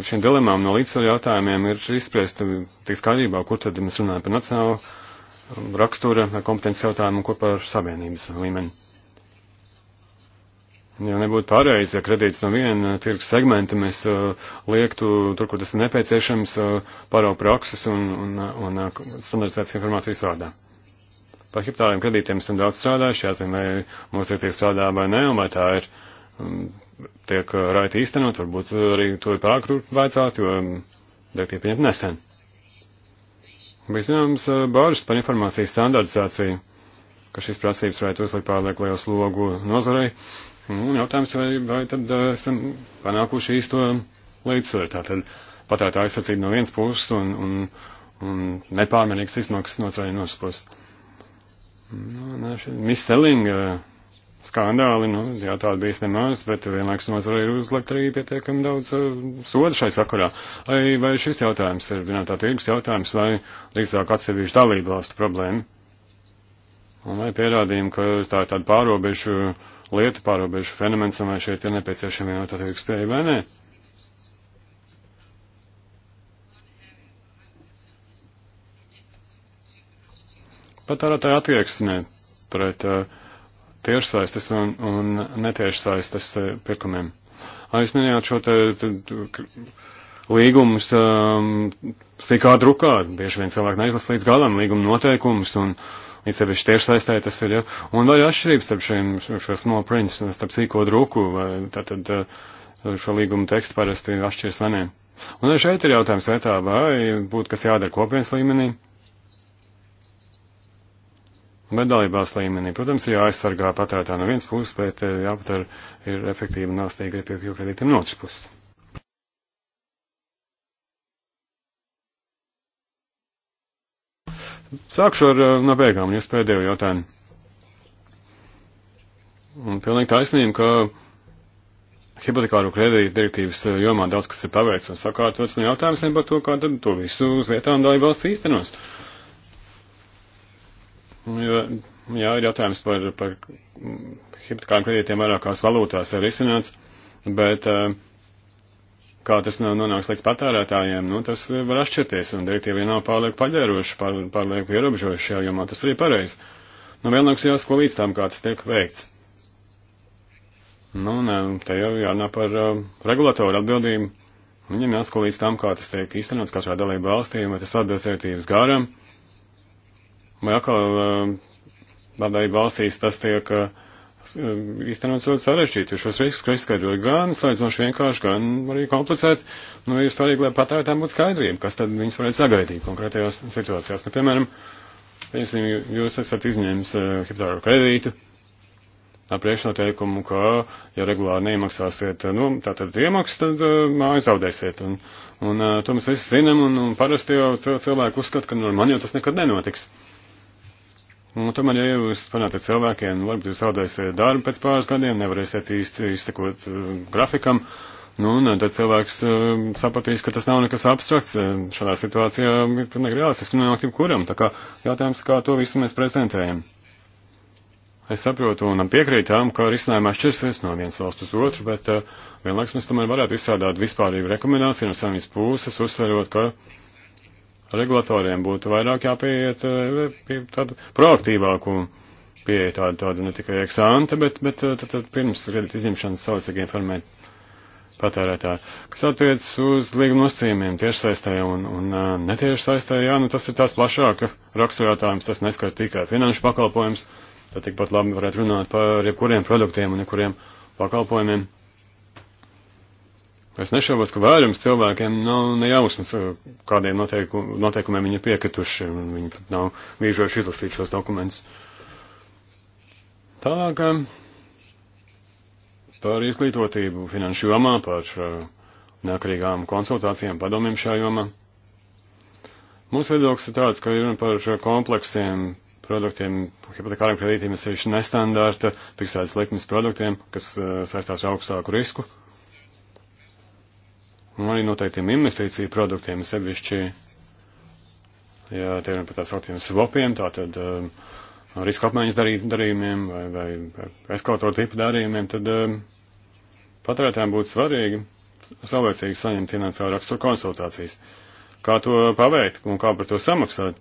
šiem dilemām, no līdzsvaru jautājumiem ir izspriest tik skaidrībā, kur tad mēs runājam par nacionālu rakstura kompetences jautājumu un kur par savienības līmeni. Ja nebūtu pareizi, ja kredīts no viena tirgus segmenta mēs uh, liektu tur, kur tas ir nepieciešams, uh, paraugu prakses un, un, un uh, standartizētas informācijas vārdā par hipotāriem kredītiem esam daudz strādājuši, jāzina, vai mums ir tiek strādā vai nē, un vai tā ir mm, tiek uh, raiti īstenot, varbūt arī to ir pārāk vajadzētu, jo direktīva mm, pieņemt nesen. Bija zināms uh, bažas par informācijas standardizāciju, ka šis prasības varētu uzlikt pārliek lielu slogu nozarei. Un jautājums, vai, vai tad uh, esam panākuši īsto līdzsvaru. Tātad patērētāja aizsardzība no vienas puses un, un, un nepārmērīgas izmaksas no otras puses. Nu, nē, šī misseling skandāli, nu, jā, tāda bijis nemaz, bet vienlaiks nozara ir uzlikt arī pietiekami daudz uh, sodu šai sakarā. Ai, vai šis jautājums ir vienotā tirgus jautājums vai drīzāk atsevišķi dalību valstu problēma? Un vai pierādījumi, ka tā ir tāda pārobežu lieta, pārobežu fenomens, un vai šeit ir nepieciešama vienotā tirgus spēja vai nē? Ne? patērētāja attieksme pret uh, tiešsaistes un, un netiešsaistes uh, pirkumiem. Arī jūs minējāt šo te, te, līgumus um, sīkā drukā, bieži vien cilvēki neizlas līdz galam līguma noteikumus un līdz sevišķi tiešsaistē tas ir, ja. Un vēl ir atšķirības starp šiem, šo small prints, starp sīko druku, vai tātad uh, šo līgumu tekstu parasti atšķirs vai nē. Un arī šeit ir jautājums vietā, vai būtu kas jādara kopienas līmenī. Bet dalībās līmenī, protams, ir jāaizsargā patērētā no vienas puses, bet eh, jāpatēr ir efektīvi un nāstīgi arī piekļuvu kredītiem no otras puses. Sākšu ar eh, no beigām, jūs pēdējo jautājumu. Un pilnīgi taisnība, ka hipotekāru kredītu direktīvas eh, jomā daudz kas ir paveicis un sakārtots, un jautājums nebūtu to, kā tad to visu uz vietām dalībvalsts īstenos. Uh, Jo, jā, ir jautājums par, par mm, hipotekāriem kredītiem vairākās valūtās ir izcināts, bet eh, kā tas nonāks līdz patērētājiem, nu, tas var atšķirties, un direktīvi nav pārlieku paģēroši, pār, pārlieku ierobežojuši šajā jomā, tas arī pareizi. Nu, vienlaikus jāsako līdz tam, kā tas tiek veikts. Nu, nē, eh, te jau jārunā par uh, regulatoru atbildību. Viņam jāsako līdz tam, kā tas tiek īstenots katrā dalība valstī, vai tas atbilst direktīvas gāram. Vai atkal tādai eh, valstīs tas tiek eh, eh, īstenots ļoti sarežģīti, jo šos riskus izskaidrot gan salīdzinoši vienkārši, gan arī komplicēt. Nu, ir svarīgi, lai patērētājiem būtu skaidrība, kas tad viņus varētu sagaidīt konkrētajās situācijās. Nu, piemēram, piemēram, jūs esat izņēmis uh, hipotāro kredītu ar priekšnoteikumu, ka, ja regulāri neiemaksāsiet, nu, tātad iemaksas, tad uh, māju zaudēsiet. Un, un uh, to mēs visi zinām, un, un parasti jau cilvēki uzskata, ka nu, man jau tas nekad nenotiks. Uh, Un tomēr, ja jūs panākat cilvēkiem, nu, varbūt jūs zaudēsiet darbu pēc pāris gadiem, nevarēsiet īsti izsekot uh, eh, grafikam, nu, un tad cilvēks uh, sapratīs, ka tas nav nekas abstrakts, uh, šādā situācijā ir pilnīgi realistiski, nu, nav kuram, tā kā jātājums, kā to visu mēs prezentējam. Es saprotu un piekrītām, ka risinājumā šķirsies no vienas valsts uz otru, bet uh, vienlaiks mēs tomēr varētu izstrādāt vispārīgu rekomendāciju no savas puses, uzsverot, ka regulatoriem būtu vairāk jāpieiet eh, pie tādu proaktīvāku pieeja tāda, tāda ne tikai eksāmenta, bet, bet eh, tad, tad pirms kredita izņemšanas saucīgi informēt patērētāju. Kas attiec uz līguma nosacījumiem tiešsaistē un, un eh, netiešsaistē, jā, nu tas ir tās plašāka raksturētājums, tas neskar tikai finanšu pakalpojums, tad tikpat labi varētu runāt par jebkuriem produktiem un jebkuriem pakalpojumiem. Es nešaubos, ka vairums cilvēkiem nav nejausmas, eh, kādiem noteiku, noteikumiem viņi ir piekrituši, un viņi pat nav vīžojuši izlasīt šos dokumentus. Tālāk eh, par izglītotību finanšu jomā, par eh, neakarīgām konsultācijām, padomiem šajā jomā. Mūsu viedoklis ir tāds, ka ir runa par kompleksiem produktiem, hipotekāriem kredītiem, es sevišķi nestandarta, fiksētas likmes produktiem, kas saistās ar augstāku risku. Un arī noteiktiem investīciju produktiem, sevišķi, ja tie ir par tā sauktiem svopiem, tātad um, riska apmaiņas darī, darījumiem vai, vai eskalotoru tipu darījumiem, tad um, patērētājiem būtu svarīgi saulēcīgi saņemt finansiālu raksturu konsultācijas. Kā to paveikt un kā par to samaksāt?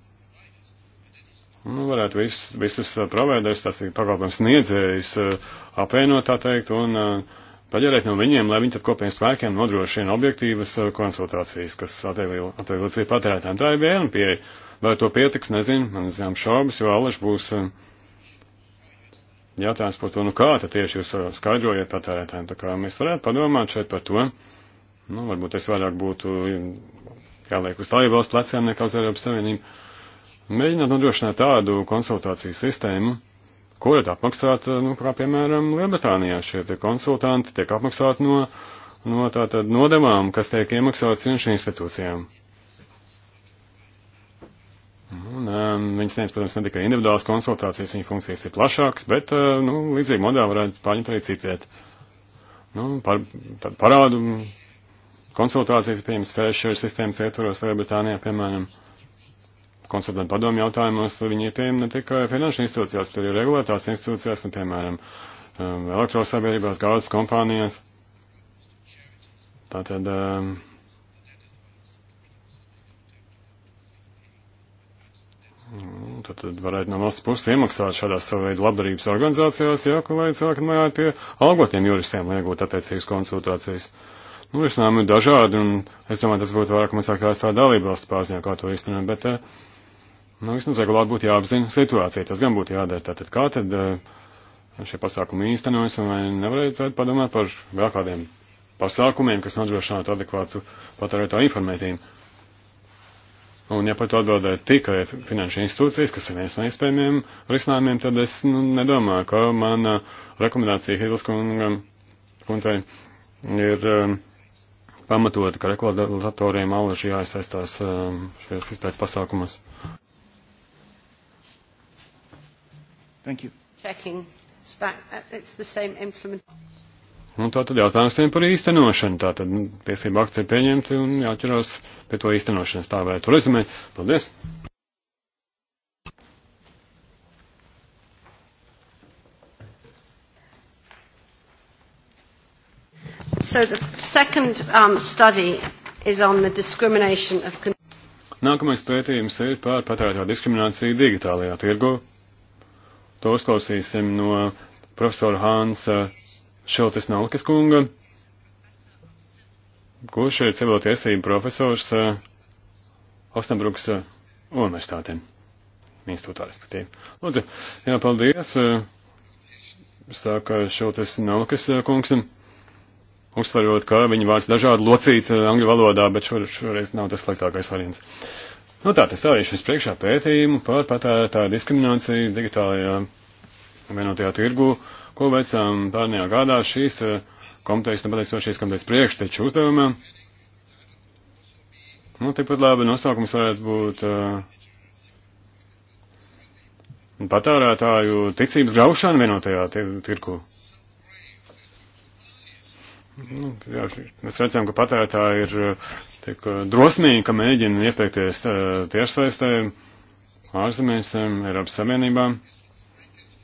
Nu, varētu vis, visus uh, provēdējus, tas ir pakalpojums sniedzējus, uh, apvienot tā teikt, un uh, paģērēt no viņiem, lai viņi tad kopējiem spēkiem nodrošina objektīvas uh, konsultācijas, kas atvieglots ir patērētājiem. Tā ir viena pieeja. Vai to pietiks, nezinu, man zinām šaubas, jo alaž būs uh, jātājums par to, nu kā tad tieši jūs uh, skaidrojat patērētājiem. Tā kā mēs varētu padomāt šeit par to, nu varbūt es vairāk būtu jāliek uz tāju valsts pleciem nekā uz Eiropas Savienību. Mēģināt nodrošināt tādu konsultāciju sistēmu kuri apmaksāti, eh, nu, kā piemēram Lielbritānijā šie te konsultanti tiek apmaksāti no, no tātad nodevām, kas tiek iemaksāts finanšu institūcijām. Un, um, viņas sniedz, protams, ne tikai individuālas konsultācijas, viņas funkcijas ir plašākas, bet, uh, nu, līdzīgi modeli varētu paņemt arī citviet. Nu, par, tad parādu konsultācijas, piemēram, Fairshare sistēmas ietvaros Lielbritānijā, piemēram. Uh, konsultantu padomu jautājumos, viņi ir pieejami ne tikai finanšu institūcijās, bet arī regulētās institūcijās un, nu, piemēram, um, elektrosabiedrībās, gāzes kompānijās. Tātad. Um, nu, Tad, tad varētu no valsts puses iemaksāt šādās savu veidu labdarības organizācijās, jā, ka lai cilvēki mājāt pie algotiem juristiem, lai iegūtu attiecīgas konsultācijas. Nu, risinājumi ir dažādi, un es domāju, tas būtu vairāk mazāk jāstāv dalībvalstu pārziņā, kā to īstenot, bet uh, Nu, vismaz regulāri būtu jāapzina situācija, tas gan būtu jādara. Tātad kā tad eh, šie pasākumi īstenojas, un vai nevarētu padomāt par vēl kādiem pasākumiem, kas nodrošinātu adekvātu patērētāju informētību. Un ja par to atbildē tikai finanšu institūcijas, kas ir viens no iespējamiem risinājumiem, tad es nu, nedomāju, ka mana rekomendācija Hidlis kungam kundzei ir um, pamatota, ka regulātoriem alaži jāiesaistās um, šajos izpētes pasākumos. Thank you. Checking. It's, back, uh, it's the same implement. Un nu, tā tad jautājums tiem par īstenošanu. Tā tad nu, tiesība akti ir pieņemti un jāķeros pie to īstenošanas. Tā varētu rezumēt. Paldies! So the second um, study is on the discrimination of. Nākamais pētījums ir par patērētāju diskrimināciju digitālajā tirgu. To uzklausīsim no profesora Hānsa Šiltes Nalkas kunga, kurš ir civilo tiesību profesors eh, Osnabruks eh, universitātē. Institūtā, respektīvi. Lūdzu, jā, paldies. Eh, saka Šiltes Nalkas kungs uzsverot, ka viņa vārds dažādi locīts angļu valodā, bet šoreiz nav tas sliktākais variants. Nu tā, tas stāvējuši uz priekšā pētījumu par patērētāju diskrimināciju digitālajā vienotajā tirgu, ko veicām pērnajā gadā šīs eh, komitejas, nepateicoties šīs komitejas priekšteču uzdevumā. Nu, tikpat labi nosaukums varētu būt uh, patērētāju ticības graušana vienotajā tirku. Tir Nu, jā, mēs redzam, ka patērētāji ir tiek eh, drosmīgi, ka mēģina ieteikties eh, tiešsaistē ārzemēs, eh, Eiropas Savienībā.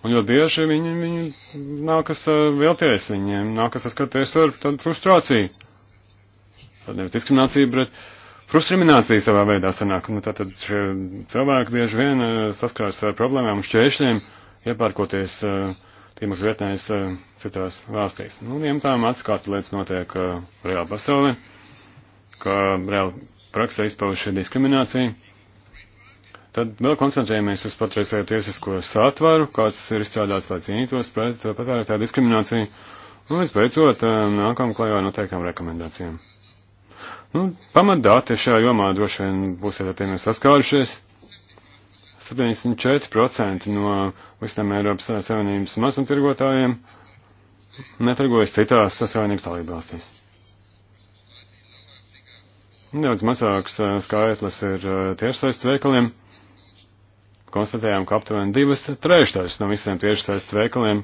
Un ļoti bieži viņi, viņi nākas vēlties, viņiem nākas saskaties ar tādu frustrāciju. Tad nevis diskrimināciju, bet frustrināciju savā veidā sanāk. Nu, tātad šie cilvēki bieži vien saskars ar problēmām un šķēršļiem, iepērkoties uh, tīmašu vietnēs eh, citās valstīs. Nu, iemtām atskārt lietas notiek eh, reāli pasaulē, ka reāli praksē izpauž šī diskriminācija. Tad vēl koncentrējamies uz patreizēju tiesisko satvaru, kāds ir izstrādāts, lai cīnītos pret eh, patērētāju diskrimināciju. Un visbeidzot, nākam klajā noteiktām rekomendācijām. Nu, pamatdāti šajā jomā droši vien būsiet ar tiem saskārušies. 74% no visiem Eiropas Savienības mazumtirgotājiem netirgojas citās Savienības dalībvalstīs. Daudz mazāks eh, skaitlis ir eh, tiešsaistes veikaliem. Konstatējām, ka aptuveni divas trešdaļas no visiem tiešsaistes veikaliem,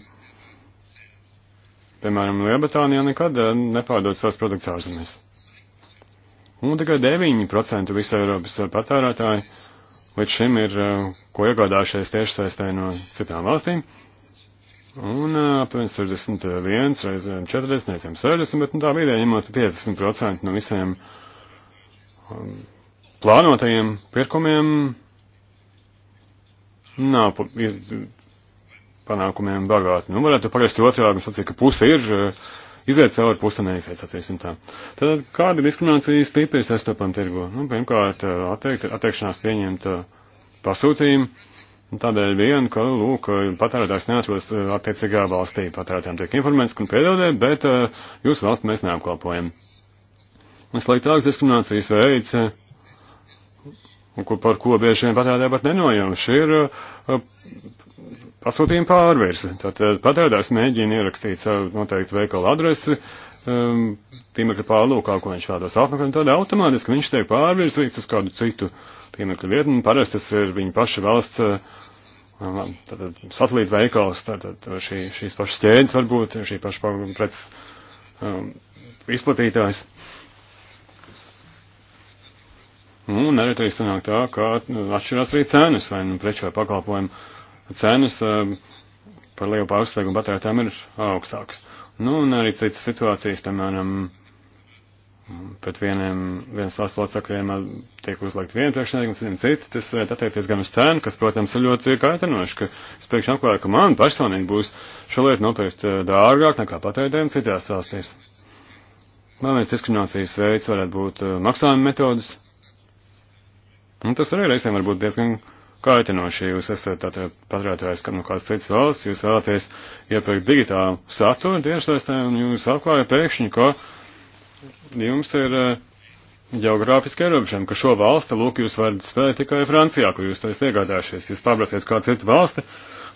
piemēram, Lielbritānijā, nekad eh, nepārdod savus produktus ārzemēs. Un tikai 9% visu Eiropas patērētāju līdz šim ir eh, ko iegādājušies tiešsaistē no citām valstīm. Un eh, aptuveni 61 reizēm 40, reizēm 60, bet nu, tā vidē ņemot 50% no visiem um, plānotajiem pirkumiem nav panākumiem bagāti. Nu, varētu pagriezties otrādi un sacīt, ka puse ir uh, iziet cauri pusē neiziet, sacīsim tā. Tad kāda diskriminācijas tipi ir sastopama tirgu? Nu, pirmkārt, eh, atteikt, atteikšanās pieņemt eh, pasūtījumu. Tādēļ vien, ka, lūk, patērētājs neatrodas eh, attiecīgā valstī, patērētājiem tiek informēts, kur piedodē, bet jūsu valsts mēs neapkalpojam. Sliktāks diskriminācijas veids, kur par ko bieži vien patērētāji pat nenojauši, ir pasūtījumu pārvirsi. Tātad patērētājs mēģina ierakstīt savu noteiktu veikalu adresi, um, tīmekļa pārlūkā, ko viņš vēlas apmeklēt, un tad automātiski viņš tiek pārvirzīts uz kādu citu tīmekļa vietni. Parasti tas ir viņa paša valsts um, satelīta veikals, tātad šī, šīs pašas ķēdes varbūt, šī paša preces um, izplatītājs. Un arī tā sanāk tā, ka nu, atšķirās arī cenas vai nu preču vai pakalpojumu cenas eh, par lielu pārslēgumu patērētām ir augstākas. Nu, un arī citas situācijas, piemēram, pret vieniem, viens valsts locekļiem eh, tiek uzlikt viena priekšnieka, citiem citi, tas varētu attiekties gan uz cenu, kas, protams, ir ļoti kaitinoši, ka es pēkšņi atklāju, ka man personīgi būs šo lietu nopirkt eh, dārgāk nekā patērētājiem citās valstīs. Vēl viens diskriminācijas veids varētu būt maksājuma metodas. Un tas arī reizēm var būt diezgan kaitinoši. Jūs esat patvērtājs, ka no kāds cits valsts, jūs vēlaties iepirkt digitālu saturu tiešsaistē, un jūs atklājat pēkšņi, ka jums ir eh, geogrāfiski ierobežojumi, ka šo valsti, lūk, jūs varat spēlēt tikai Francijā, kur jūs to esat iegādājušies. Jūs pārbrauciet kādu citu valsti,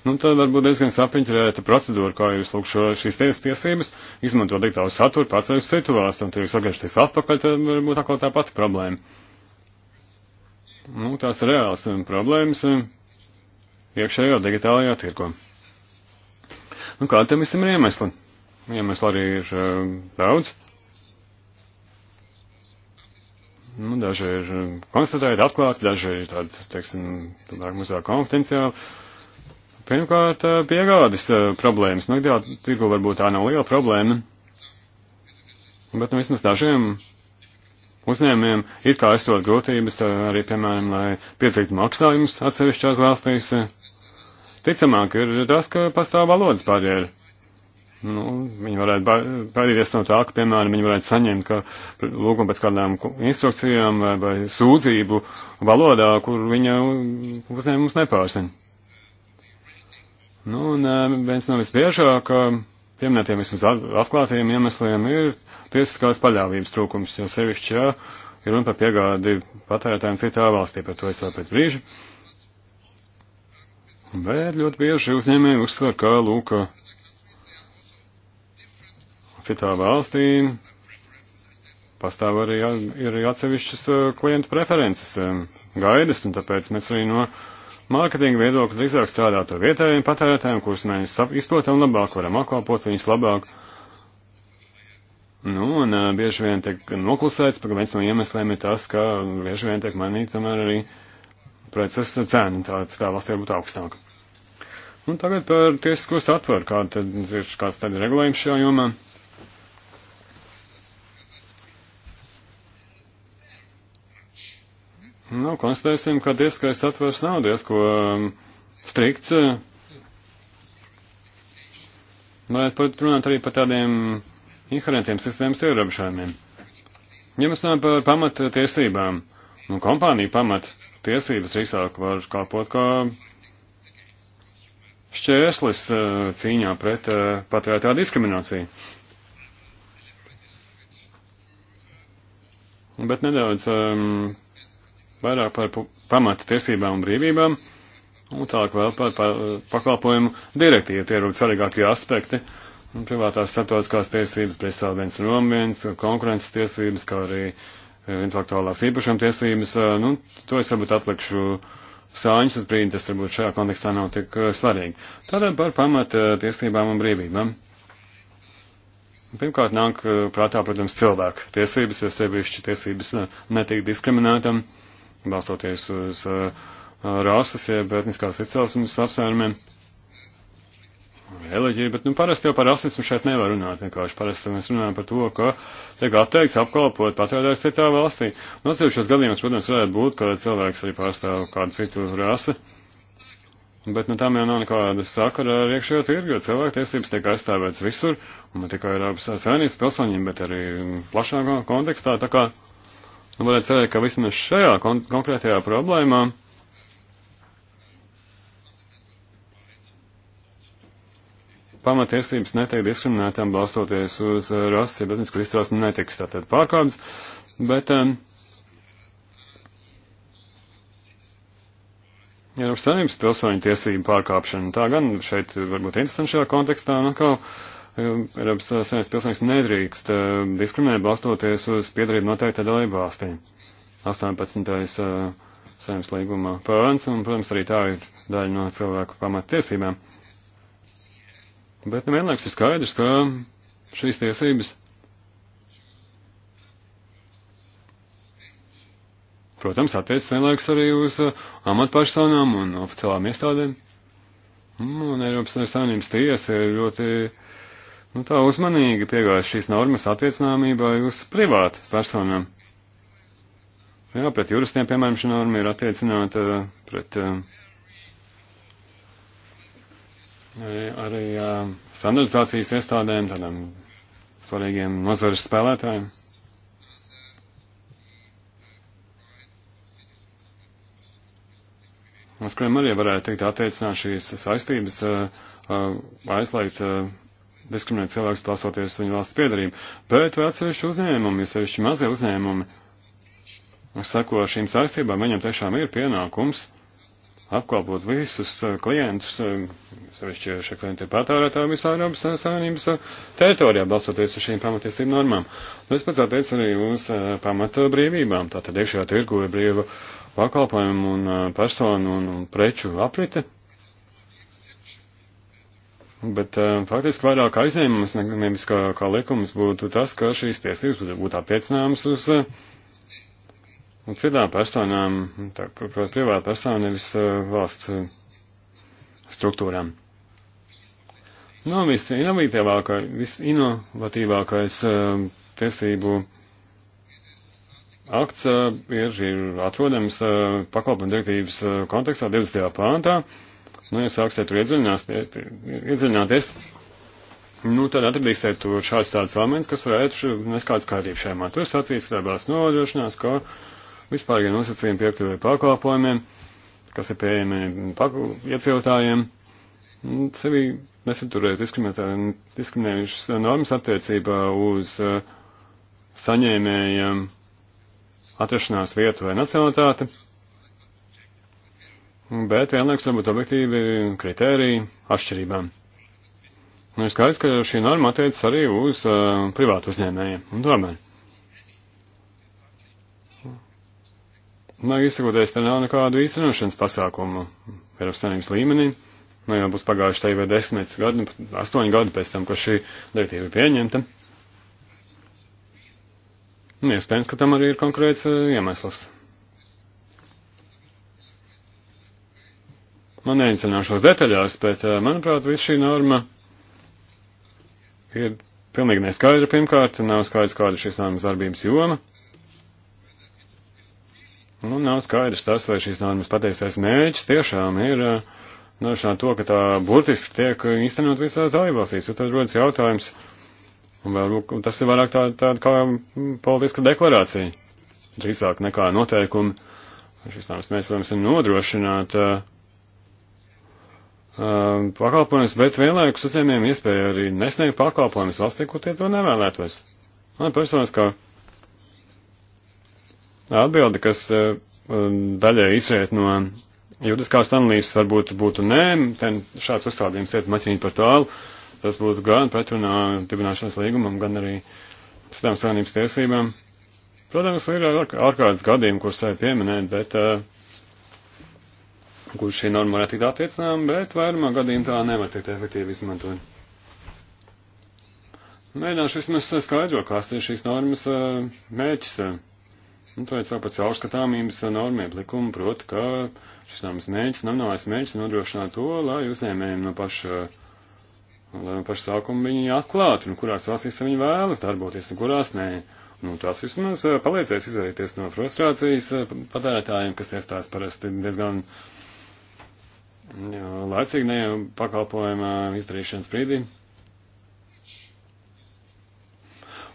nu tad varbūt diezgan sapiņķerēta procedūra, kā jūs lūk šo, šīs tiesas tiesības, izmantot digitālu saturu, pārceļ uz citu valsti, un tad jūs atgriežaties atpakaļ, tad varbūt atkal tā pati problēma nu, tās reāls um, problēmas um, iekšējā digitālajā tirko. Nu, kā tam visam ir iemesli? Iemesli arī ir uh, daudz. Nu, daži ir konstatēti, atklāti, daži ir tādi, teiksim, tomēr mazāk konfidenciāli. Pirmkārt, uh, piegādes uh, problēmas. Nu, jā, tirgu varbūt tā nav liela problēma, bet nu, vismaz dažiem Uzņēmiem ir kā esot grūtības arī, piemēram, lai piecītu maksājumus atsevišķās valstīs. Ticamāk ir tas, ka pastāv valodas barjeri. Nu, viņi varētu baidīties no tā, ka, piemēram, viņi varētu saņemt lūgumu pēc kādām instrukcijām vai, vai sūdzību valodā, kur viņa uzņēmums nepārsina. Nu, un eh, viens no visbiežāk pieminētiem vismaz atklātajiem iemesliem ir tiesiskās paļāvības trūkums, jo sevišķi, ja ir runa par piegādi patērētājiem citā valstī, par to es vēl pēc brīža. Bet ļoti bieži uzņēmēji uzsver, ka, lūk, citā valstī pastāv arī ir atsevišķas eh, klientu preferences, eh, gaidas, un tāpēc mēs arī no. Nu, Mārketinga viedoklis drīzāk strādāt ar vietējiem patērētājiem, kurus mēs izprotam labāk, varam apkalpot viņus labāk. Nu, un uh, bieži vien tiek noklusēts, pagam viens no iemesliem ir tas, ka bieži vien tiek mainīta tomēr arī preces cena, tā, tā valstī varbūt augstāka. Un tagad par tiesisko satvaru, kāda tad ir, kāds tad ir regulējums šajā jomā. Uh, Nu, konstatēsim, ka diezkais atvers nav diezko um, strikts. Varētu uh, runāt arī par tādiem inherentiem sistēmas ierobežojumiem. Ja mēs runājam par pamata tiesībām, nu, kompānija pamata tiesības risāk var kalpot kā šķērslis uh, cīņā pret uh, patvērtā diskrimināciju. Bet nedaudz um, vairāk par pamata tiesībām un brīvībām, un tālāk vēl par, par pakalpojumu direktīvu. Tie ir svarīgākie aspekti. Un privātās starptautiskās tiesības, presāvienas un romviens, konkurences tiesības, kā arī eh, intelektuālās īpašuma tiesības. Eh, nu, to es varbūt atlikšu sāņus uz brīdi, tas varbūt šajā kontekstā nav tik eh, svarīgi. Tātad par pamata tiesībām un brīvībām. Pirmkārt nāk prātā, protams, cilvēku tiesības, jo sevišķi tiesības netiek diskriminētam. Ne balstoties uz uh, rases, jeb etniskās izcelsmes apsvērumiem. Reliģija, bet nu, parasti jau par rasismu šeit nevar runāt. Vienkārši parasti mēs runājam par to, ka tiek atteikts apkalpot patvērtājs citā valstī. Un nu, atsevišķos gadījumos, protams, varētu būt, ka cilvēks arī pārstāv kādu citu rasi. Bet nu, tam jau nav nekāda sakara ar iekšējo tirgu, jo cilvēktiesības tiek aizstāvētas visur, un ne tikai ar abas savienības pilsoņiem, bet arī plašākā kontekstā. Tā kā Un nu, varētu cerēt, ka vismaz šajā kon konkrētajā problēmā pamatiesības netiek diskriminētām balstoties uz eh, rasi, bet mēs, kur izstrās netiks tātad pārkāpts, bet um, Eiropas Savienības pilsoņu tiesību pārkāpšana, tā gan šeit varbūt interesanti šajā kontekstā, nu, kaut kā Um, Eiropas Savienības pilsonis nedrīkst um, diskriminēt balstoties uz piedarību noteikta dalību valstī. 18. Uh, Savienības līguma pāns, un, protams, arī tā ir daļa no cilvēku pamattiesībām. Bet nu vienlaikus ir skaidrs, ka šīs tiesības, protams, attiecas vienlaikus arī uz uh, amatpersonām un oficiālām iestādēm. Un Eiropas Savienības tiesa ir ļoti nu, tā uzmanīgi piegājas šīs normas attiecināmībai uz privātu personām. Jā, pret juristiem, piemēram, šī norma ir attiecināta pret eh, arī eh, standartizācijas iestādēm, tādām svarīgiem nozares spēlētājiem. uz kuriem arī varētu tikt attiecināt šīs saistības, eh, aizliegt diskriminēt cilvēkus balstoties viņu valsts piedarību, bet vai atsevišķi uzņēmumi, jo sevišķi mazie uzņēmumi, sako šīm saistībām, viņam tiešām ir pienākums apkalpot visus eh, klientus, eh, sevišķi šie klienti ir patērētāji visā Eiropas eh, Savienības teritorijā, balstoties uz šīm pamatiesību normām. Un nu, es pats attiecu arī uz pamata brīvībām, tātad iekšējā tirgu ir brīva pakalpojumu un personu un preču aprite. Bet uh, faktiski vairāk aizņēmums, nevis kā, kā liekums, būtu tas, ka šīs tiesības būtu attiecināmas uz uh, citām personām, tā, protams, privāta persona, nevis uh, valsts uh, struktūrām. Nu, visinovatīvākais, visinovatīvākais uh, tiesību akts uh, ir, ir atrodams uh, pakalpojumu direktīvas uh, kontekstā 20. pāntā. Uh, Nu, ja sāksiet tur iedziļināties, nu, tad atradīsiet tur šāds tāds elements, kas varētu neskāds kārtību šai mātu. Es sacīju, darbās nodrošinās, ka vispārīgie ja nosacījumi piekļuvē pakalpojumiem, kas ir pieejami paku, iedzīvotājiem, sevi nesaturēs diskriminējušas normas attiecībā uz uh, saņēmējiem atrašanās vietu vai nacionalitāti bet vienlaikus varbūt objektīvi kritēriji atšķirībām. Nu, ir skaidrs, ka šī norma attiecas arī uz uh, privātu uzņēmējiem. Un tomēr. Nē, nu, izsakoties, te nav nekādu īstenošanas pasākumu Eiropas Savienības līmenī. Nu, jau būs pagājuši te jau desmit gadi, astoņi gadi pēc tam, kad šī direktīva ir pieņemta. Un nu, iespējams, ka tam arī ir konkrēts uh, iemesls. Man nu, neinceļināšos detaļās, bet, eh, manuprāt, viss šī norma ir pilnīgi neskaidra. Pirmkārt, nav skaidrs, kāda šīs normas darbības joma. Nu, nav skaidrs tas, vai šīs normas patiesais mērķis tiešām ir eh, nodrošināt to, ka tā burtiski tiek īstenot visās dalībvalstīs, jo tad rodas jautājums, un vēl, tas ir vairāk tā, tāda kā politiska deklarācija, drīzāk nekā noteikumi. Šis normas mērķis, protams, ir nodrošināt uh, Um, pakalpojumus, bet vienlaikus uzņēmējiem iespēja arī nesniegt pakalpojumus valstī, kur tie to nevēlētos. Man personiskā atbilde, kas uh, um, daļai izriet no juridiskās analīzes, varbūt būtu nē, ten šāds uzstādījums iet maķiņu par tālu, tas būtu gan pretrunā dibināšanas līgumam, gan arī citām savienības tiesībām. Protams, ir ārkārtas gadījumi, kurus vajag pieminēt, bet uh, kur šī norma varētu tikt attiecinām, bet vairumā gadījumā tā nevar tikt efektīvi izmantot. Mēģināšu vismaz skaidrot, kāds ir šīs normas eh, mēķis. Eh. Un nu, to ir pēc caurskatāmības normiem likuma, proti, ka šis normas mēģis, normālais mēģis nodrošināt to, lai uzņēmējiem no paša, lai no paša sākuma viņi atklātu, un kurās valstīs viņi vēlas darboties, un kurās nē. Nu, tās vismaz eh, palīdzēs izvairīties no frustrācijas patērētājiem, kas iestājas parasti diezgan. Uh, laicīgi nejau pakalpojuma izdarīšanas brīdī.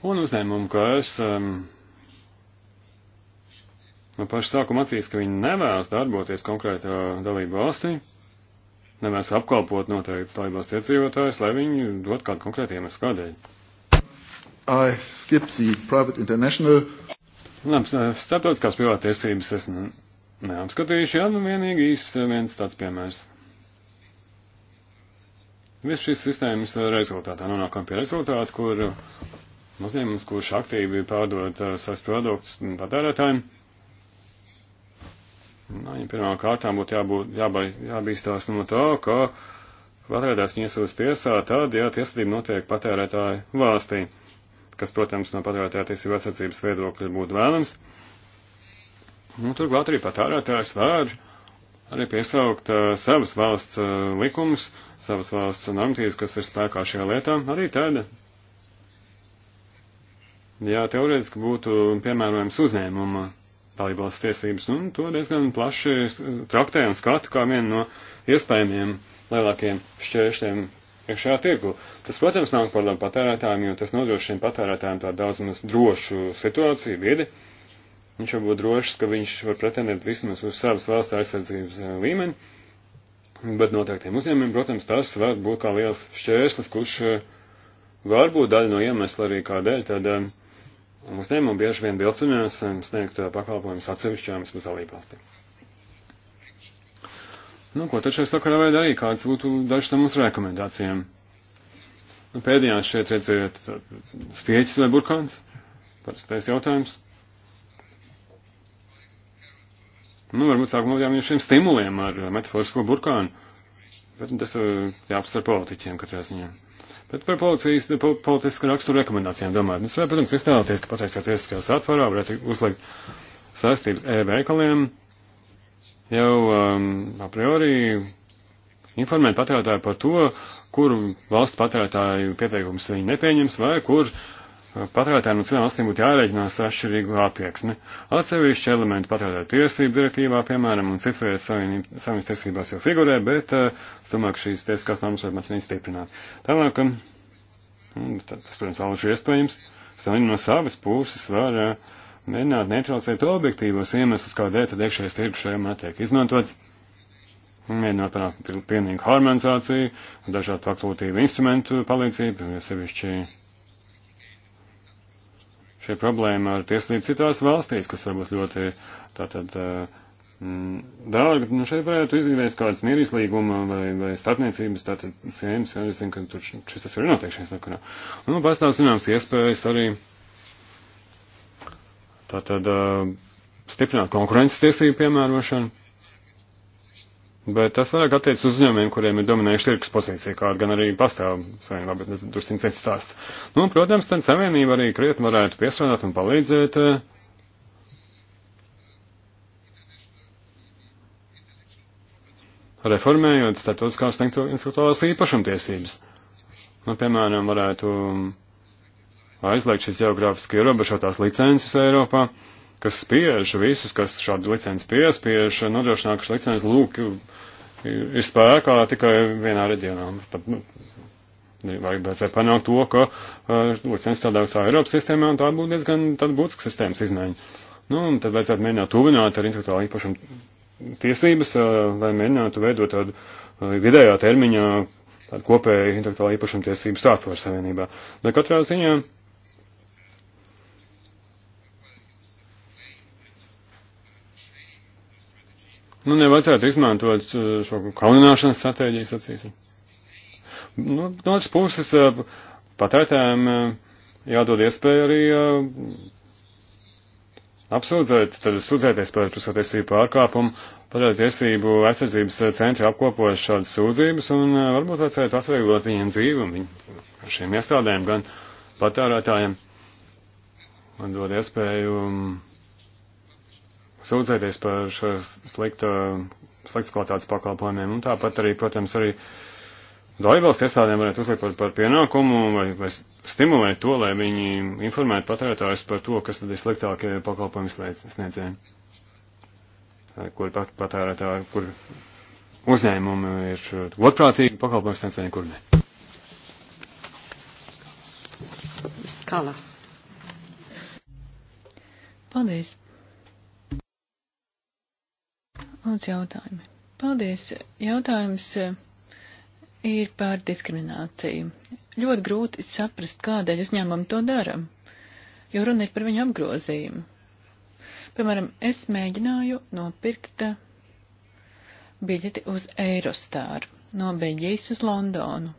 Un uzņēmumu, ka es um, no paša sākuma atzīst, ka viņi nevēlas darboties konkrētā dalību valstī, nevēlas apkalpot noteikts dalībās iedzīvotājus, lai viņi dot kādu konkrētu iemeslu kādēļ. I skip the private international. Labi, starptautiskās privātiesības es neapskatījuši, ja nu vienīgi īsts viens tāds piemērs. Viss šīs sistēmas rezultātā nonākam pie rezultātu, kur uzņēmums, kurš aktīvi pārdod eh, savus produktus patērētājiem, Viņam nu, pirmām kārtām būtu jābūt, jābai, jābīstās no tā, ka patērētājs viņu iesūdz tiesā, tad, ja tiesvedība notiek patērētāju valstī, kas, protams, no patērētāja tiesību aizsardzības viedokļa būtu vēlams. Nu, turklāt arī patērētājs var arī piesaukt uh, savas valsts uh, likumus, savas valsts normatīvas, kas ir spēkā šajā lietā, arī tāda. Jā, teorētiski būtu piemērojams uzņēmuma dalībās tiesības, un to diezgan plaši traktē un skata kā vienu no iespējamiem lielākiem šķēršļiem iekšējā tirgu. Tas, protams, nāk par labu patērētājiem, jo tas nodrošina patērētājiem tādu daudz maz drošu situāciju, vidi. Uh, Viņš jau būtu drošs, ka viņš var pretendēt vismaz uz savas valsts aizsardzības eh, līmeni, bet noteiktiem uzņēmumiem, protams, tas var būt kā liels šķērslis, kurš eh, var būt daļa no iemesla arī kādēļ, tad eh, uzņēmumi bieži vien vilcinās sniegt pakalpojumus atsevišķām vismaz dalībvalstīm. Nu, ko tad šajā sakarā vajag darīt? Kāds būtu dažs no mūsu rekomendācijām? Nu, pēdējās šeit redzējāt spieķis vai burkāns? Parastais jautājums. Nu, varbūt sākumā jābūt šiem stimuliem ar uh, metaforisko burkānu, bet nu, tas uh, jāapsver politiķiem katrā ziņā. Bet par policijas, po, politiska rakstura rekomendācijām domājot. Mēs varam, protams, iztēloties, ka pateicoties tiesiskajā satvarā varētu uzlikt saistības e-veikaliem jau um, a priori informēt patērētāju par to, kuru valstu patērētāju pieteikumus viņi nepieņems vai kur uh, Patērētājiem no citām valstīm būtu jārēķinās atšķirīgu attieksmi. Atsevišķi elementi patērētāju tiesību direktīvā, piemēram, un citvietas savienības tiesībās jau figurē, bet uh, es domāju, ka šīs tiesiskās normas vajag maķinīt stiprināt. Tālāk, um, un, tas, protams, aluši iespējams, savienība no savas puses var uh, mēģināt neutralizēt objektīvos iemeslus, kādēļ tad iekšējais tirgus šajā matiek izmantots. Mēģināt panākt pilnīgu harmonizāciju, dažādu fakultīvu instrumentu palīdzību, jo sevišķi šī problēma ar tieslību citās valstīs, kas varbūt ļoti tātad mm, dārgi, nu šeit varētu izvīdēties kādas mierīs līguma vai, vai starpniecības, tātad cieņas, ja es zinu, ka tur šis tas ir noteikšanas sakarā. Nu, pastāv zināms iespējas arī tātad stiprināt konkurences tiesību piemērošanu. Bet tas vairāk attiec uz uzņēmumiem, kuriem ir dominējuši tirkus pozīcija, kāda gan arī pastāv savienībā, bet drusciņ cits stāsts. Nu, un, protams, tad savienība arī krietni varētu piesādāt un palīdzēt. Eh, reformējot starptautiskās intelektuālās īpašumtiesības. Nu, piemēram, varētu mm, aizliegt šīs geogrāfiski ierobežotās licences Eiropā. Uh, kas spiež visus, kas šādu licenci piespiež, nodrošināt, ka šī licence lūk ir spēkā tikai vienā reģionā. Tad, nu, vajag bezē panākt to, ka uh, e, licence tādā visā Eiropas sistēmā, un tā būtu diezgan tad būtiska sistēmas izmaiņa. Nu, un tad vajadzētu mēģināt tuvināt ar intelektuālu īpašumu tiesības, uh, lai mēģinātu veidot tādu uh, vidējā termiņā tādu kopēju intelektuālu īpašumu tiesību sātvaru savienībā. Lai katrā ziņā. Uh, Nu, nevajadzētu izmantot uh, šo kaunināšanas stratēģiju, sacīsim. Nu, no otras puses, uh, patērētājiem uh, jādod iespēja arī apsūdzēt, tad sūdzēties par prasātiesību pārkāpumu, patērētiesību aizsardzības centri apkopojas šādas sūdzības un varbūt vajadzētu atvieglot viņiem dzīvi un viņu, šiem iestādēm, gan patērētājiem, man dod iespēju. Um, sūdzēties par šo slikta, sliktas kvalitātes pakalpojumiem. Un tāpat arī, protams, arī dalībvalsts iestādēm varētu uzlikt par, par pienākumu vai, vai stimulēt to, lai viņi informētu patērētājus par to, kas tad ir sliktākie pakalpojumi sniedzēji. Kur pat, patērētāji, kur uzņēmumi ir godprātīgi pakalpojumi sniedzēji, kur ne. Skalas. Paldies. Lūdzu, jautājumi. Paldies. Jautājums eh, ir par diskrimināciju. Ļoti grūti saprast, kādēļ uzņēmumi to dara, jo runa ir par viņu apgrozījumu. Piemēram, es mēģināju nopirkt eh, biļeti uz Eirostāru no Beļģijas uz Londonu.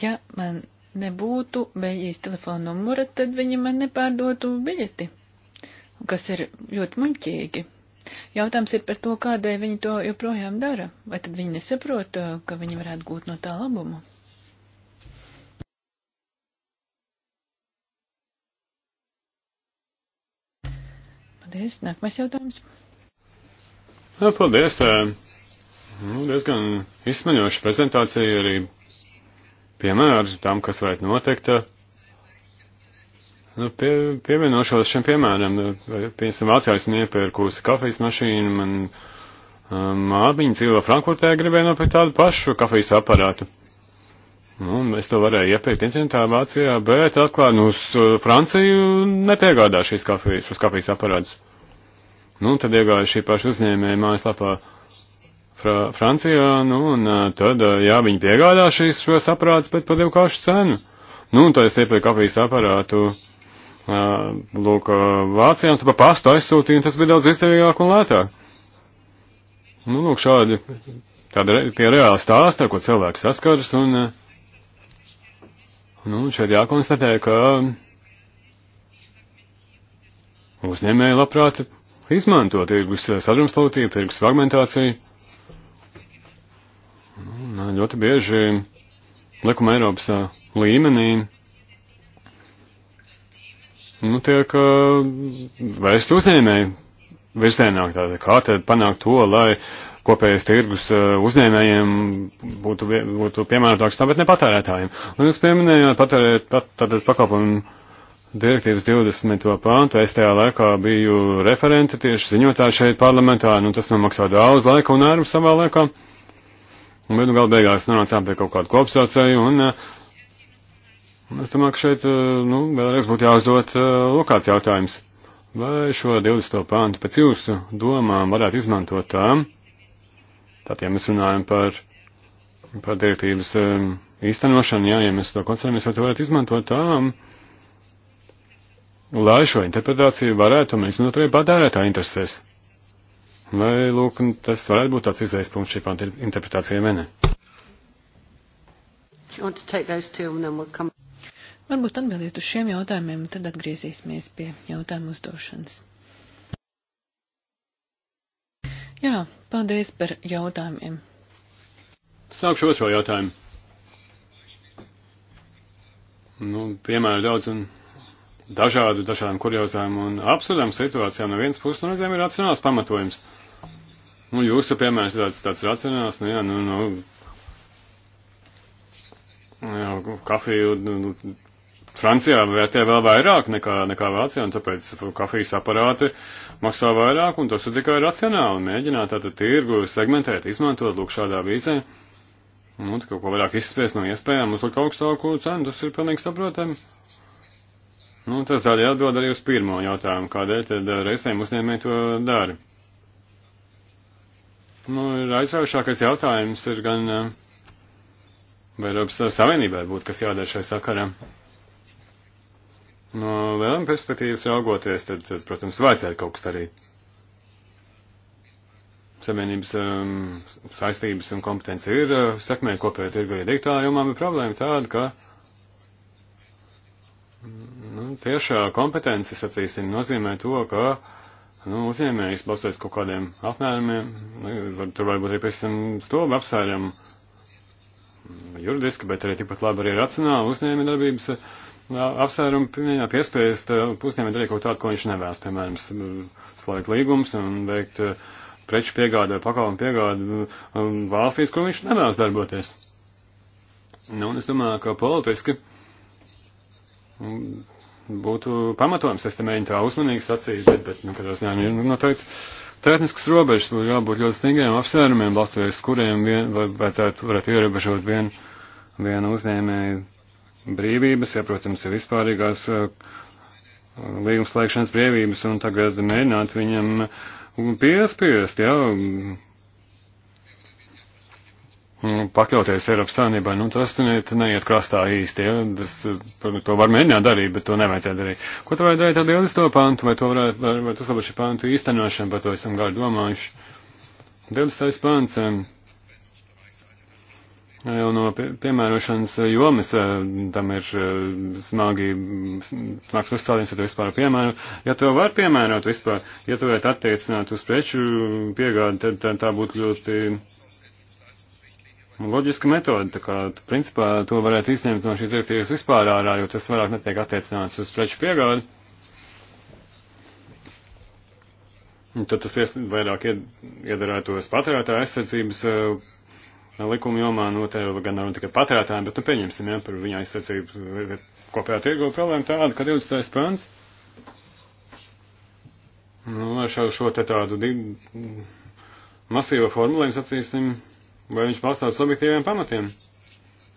Ja man nebūtu Beļģijas telefona numura, tad viņi man nepārdotu biļeti kas ir ļoti muļķīgi. Jautājums ir par to, kādēļ viņi to joprojām dara. Vai tad viņi nesaprot, uh, ka viņi varētu gūt no tā labumu? Paldies. Nākamais jautājums. Jā, paldies. Nu, diezgan izsmeļoša prezentācija arī piemēra tam, kas varētu notikt. Nu, pie, pievienošos šim piemēram, piemēram, Vācijā es nepērkūstu kafijas mašīnu, man um, māmiņa dzīvo Frankfurtē, gribēja nopirkt tādu pašu kafijas aparātu. Nu, es to varēju iepirkt incidentā Vācijā, bet atklāju, nu, uz uh, Franciju nepiegādā šīs kafijas, šos kafijas aparātus. Nu, tad iegāju šī paša uzņēmēja mājaslapā Fra Francijā, nu, un uh, tad, uh, jā, viņi piegādā šīs, šos aparātus, bet par divu kašu cenu. Nu, un tā es iepirku kafijas aparātu. Uh, lūk, Vācijā un tu pa pastu aizsūtīji, un tas bija daudz izdevīgāk un lētāk. Nu, lūk, šādi, tādi tie reāli stāsti, ar ko cilvēks saskaras, un, nu, šeit jākonstatē, ka uzņēmēji labprāt izmanto tirgus sadrumstalotību, tirgus fragmentāciju. Nu, ļoti bieži likuma Eiropas līmenī nu, tiek uh, eh, vērst uzņēmēji virzienā. Tātad, kā tad panākt to, lai kopējais tirgus uh, uzņēmējiem būtu, būtu piemērotāks tam, bet ne patērētājiem. Un jūs pieminējāt patērēt, pat, tātad pakalpojumu direktīvas 20. pāntu. Es tajā laikā biju referente tieši ziņotāja šeit parlamentā. Nu, tas man maksā daudz laika un nervu savā laikā. Un, bet, nu, gal beigās nonācām pie kaut kāda kopsācēja un uh, Es domāju, ka šeit, eh, nu, vēlreiz būtu jāuzdot eh, lokāls jautājums. Vai šo 20. pāntu pēc jūsu domām varētu izmantot tām? Tātad, ja mēs runājam par, par direktīvas eh, īstenošanu, jā, ja mēs to koncentrējamies, vai to varētu izmantot tām, lai šo interpretāciju varētu un izmantot arī patērētā interesēs. Vai, lūk, tas varētu būt tāds izējas punkts šī panta interpretācijai vai ne? We'll come... Varbūt atbildiet uz šiem jautājumiem, tad atgriezīsimies pie jautājumu uzdošanas. Jā, paldies par jautājumiem. Sākšu otro jautājumu. Nu, piemēru daudz un dažādu, dažādām kuriozām un absurdām situācijām no vienas puses, no reizēm ir racionāls pamatojums. Nu, jūsu piemērs ir tāds, tāds racionāls, nu jā, nu, nu, jā, kafiju, nu, nu Francijā vērtē vēl vairāk nekā, nekā Vācijā, un tāpēc kafijas aparāti maksā vairāk, un tas ir tikai racionāli. Mēģināt tātad tirgu segmentēt, izmantot lūk šādā vīzē, nu, kaut ko vairāk izspiest no iespējām, uzlikt augstāku cenu, tas ir pilnīgi saprotami. Nu, tas tādēļ atbild arī uz pirmo jautājumu, kādēļ tad eh, reizēm uzņēmēji to dara. Nu, ir aizraujošākais jautājums ir gan, eh, vai Eiropas Savienībai būtu kas jādara šai sakarā no vēlama perspektīvas raugoties, tad, tad, protams, vajadzētu kaut kas darīt. Savienības um, saistības un kompetence ir uh, sekmē kopējā tirgu iedīgtā, jo man ir problēma tāda, ka nu, tiešā kompetence, sacīsim, nozīmē to, ka uh, nu, uzņēmējs balstoties kaut kādiem apmērumiem, nu, var, tur varbūt arī pēc tam stobu apsvērjam juridiski, bet arī tikpat labi arī racionāli uzņēmējdarbības apsvērumu pieņā piespējas uzņēmēt arī kaut tādu, ko viņš nevēlas, piemēram, slēgt līgumus un veikt preču piegādu vai pakalpojumu piegādu valstīs, kur viņš nevēlas darboties. Nu, un es domāju, ka politiski būtu pamatojums, es te mēģinu tā uzmanīgi sacīt, bet, bet nu, katrā ziņā ir noteikts tehniskas robežas, būtu jābūt ļoti stingriem apsvērumiem, balstoties, kuriem vien, vai, vai tā varētu ierobežot vienu vienu uzņēmēju brīvības, ja, protams, ir vispārīgās eh, līguma slēgšanas brīvības, un tagad mēģināt viņam piespiest, jā, ja, mm, pakļauties Eiropas Savienībai, nu tas neiet, neiet krastā īsti, jā, ja, tas, eh, to var mēģināt darīt, bet to nevajadzētu darīt. Ko tu varētu darīt atbildi uz to pantu, vai to varētu, vai, vai tas labi šī pantu īstenošana, par to esam gāri domājuši. 20. pants. Um, Jau no piemērošanas jomas eh, tam ir eh, smagi, smags uzstādījums, ja to vispār piemēro. Ja to var piemērot vispār, ja to varētu attiecināt uz preču piegādi, tad, tad tā būtu ļoti loģiska metode. Tā kā, principā, to varētu izņemt no šīs direktīvas vispār ārā, jo tas vairāk netiek attiecināts uz preču piegādi. Un tad tas vairāk iederētos patērētāju aizsardzības eh, likuma jomā, nu, te gan nav tikai patērētājiem, bet, nu, pieņemsim, jā, par viņa aizsardzību kopējā tirgu problēma tāda, ka 20. pants, nu, ar šo, šo te tādu div, masīvo formulējumu sacīsim, vai viņš balstās objektīviem pamatiem.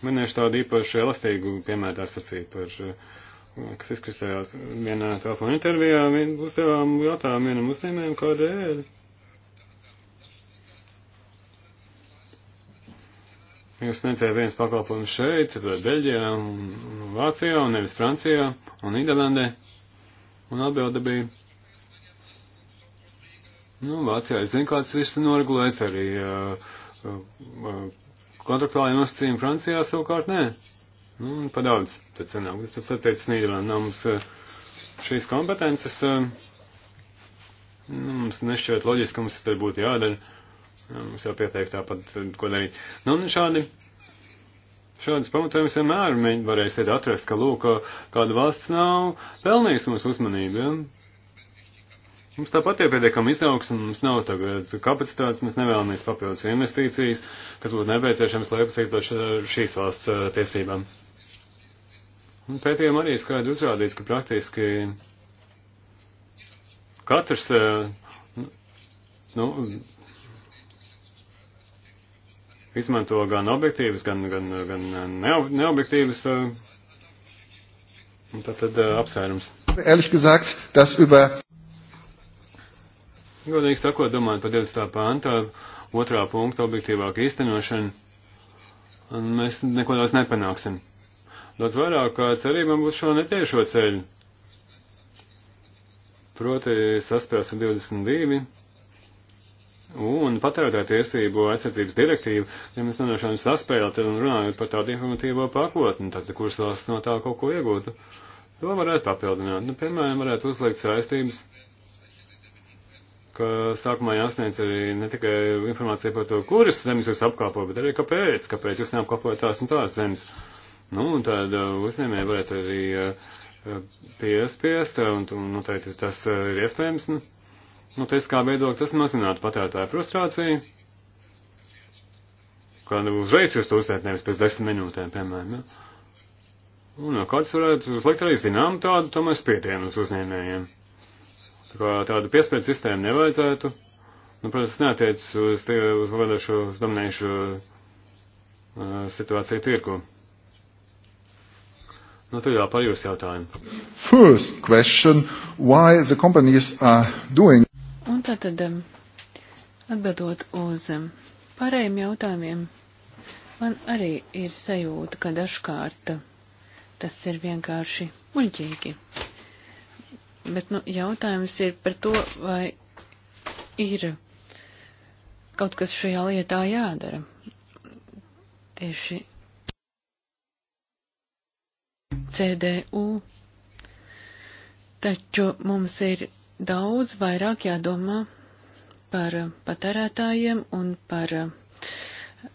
Minēšu tādu īpaši elastīgu piemēru ar sacību par, eh, kas izkristējās vienā telefona intervijā, vien uzdevām jautājumu vienam uzņēmējam, kādēļ. Jūs sniedzējāt viens pakalpojums šeit, tad Beļģijā, un Vācijā, un nevis Francijā, un Nīderlandē. Un atbilde bija, nu, Vācijā es zinu, kāds viss ir noregulēts, arī uh, uh, kontraktuālajiem nosacījumiem Francijā savukārt nē. Nu, un pa daudz, tad cenāk, es pēc atteicis Nīderlandē, nav mums uh, šīs kompetences, uh, nu, mums nešķiet loģiski, mums tas te būtu jādara. Nu, mums jau pieteikt tāpat, ko darīt. Nu, un šādi, šādas pamatojums vienmēr varēsiet atrast, ka, lūk, kāda valsts nav pelnījusi mūsu uzmanību. Ja? Mums tāpat ir pietiekama izaugsme, mums nav tagad kapacitātes, mēs nevēlamies papildus investīcijas, kas būtu nepieciešams, lai apsīktu šīs valsts eh, tiesībām. Un pētījumā arī skaidri uzrādīts, ka praktiski katrs eh, nu, nu izmanto gan objektīvas, gan, gan, gan neobjektīvas. Tātad apsvērums. Ehrlich gesagt, das über. Godīgi sakot, domājot par 20. pāntā, otrā punkta objektīvāku īstenošanu, mēs neko daudz nepanāksim. Daudz vairāk kā cerībām būs šo netiešo ceļu. Proti saspēsim 22 un patērētāju tiesību aizsardzības direktīvu, ja mēs nonākam saspēlēt un runājot par tādu informatīvo pakotni, tad kuras valsts no tā kaut ko iegūtu, to varētu papildināt. Nu, piemēram, varētu uzlikt saistības, ka sākumā jāsniedz arī ne tikai informācija par to, kuras zemes jūs apkalpojat, bet arī kāpēc, kāpēc jūs neapkalpojat tās un tās zemes. Nu, un tad uh, uzņēmēji varētu arī uh, piespiest, un, un noteikti tas uh, ir iespējams. Nu, Nu, tiesiskā viedokļa tas mazinātu patērētāju frustrāciju, kad uzreiz jūs to uzsēt nevis pēc desmit minūtēm, piemēram. Ja? Un no kāds varētu uzlikt arī zinām tādu tomēr spiedienu uz uzņēmējiem. Tā kā tādu piespēju sistēmu nevajadzētu. Nu, protams, neatiec uz, tie, uz vadošo, uz dominējušo uh, situāciju tirku. Nu, tad jā, par jūsu jautājumu. First question, why the companies are doing Tātad, um, atbildot uz um, pārējiem jautājumiem, man arī ir sajūta, ka dažkārt um, tas ir vienkārši muļķīgi. Bet, nu, jautājums ir par to, vai ir kaut kas šajā lietā jādara. Tieši CDU. Taču mums ir daudz vairāk jādomā par patērētājiem un par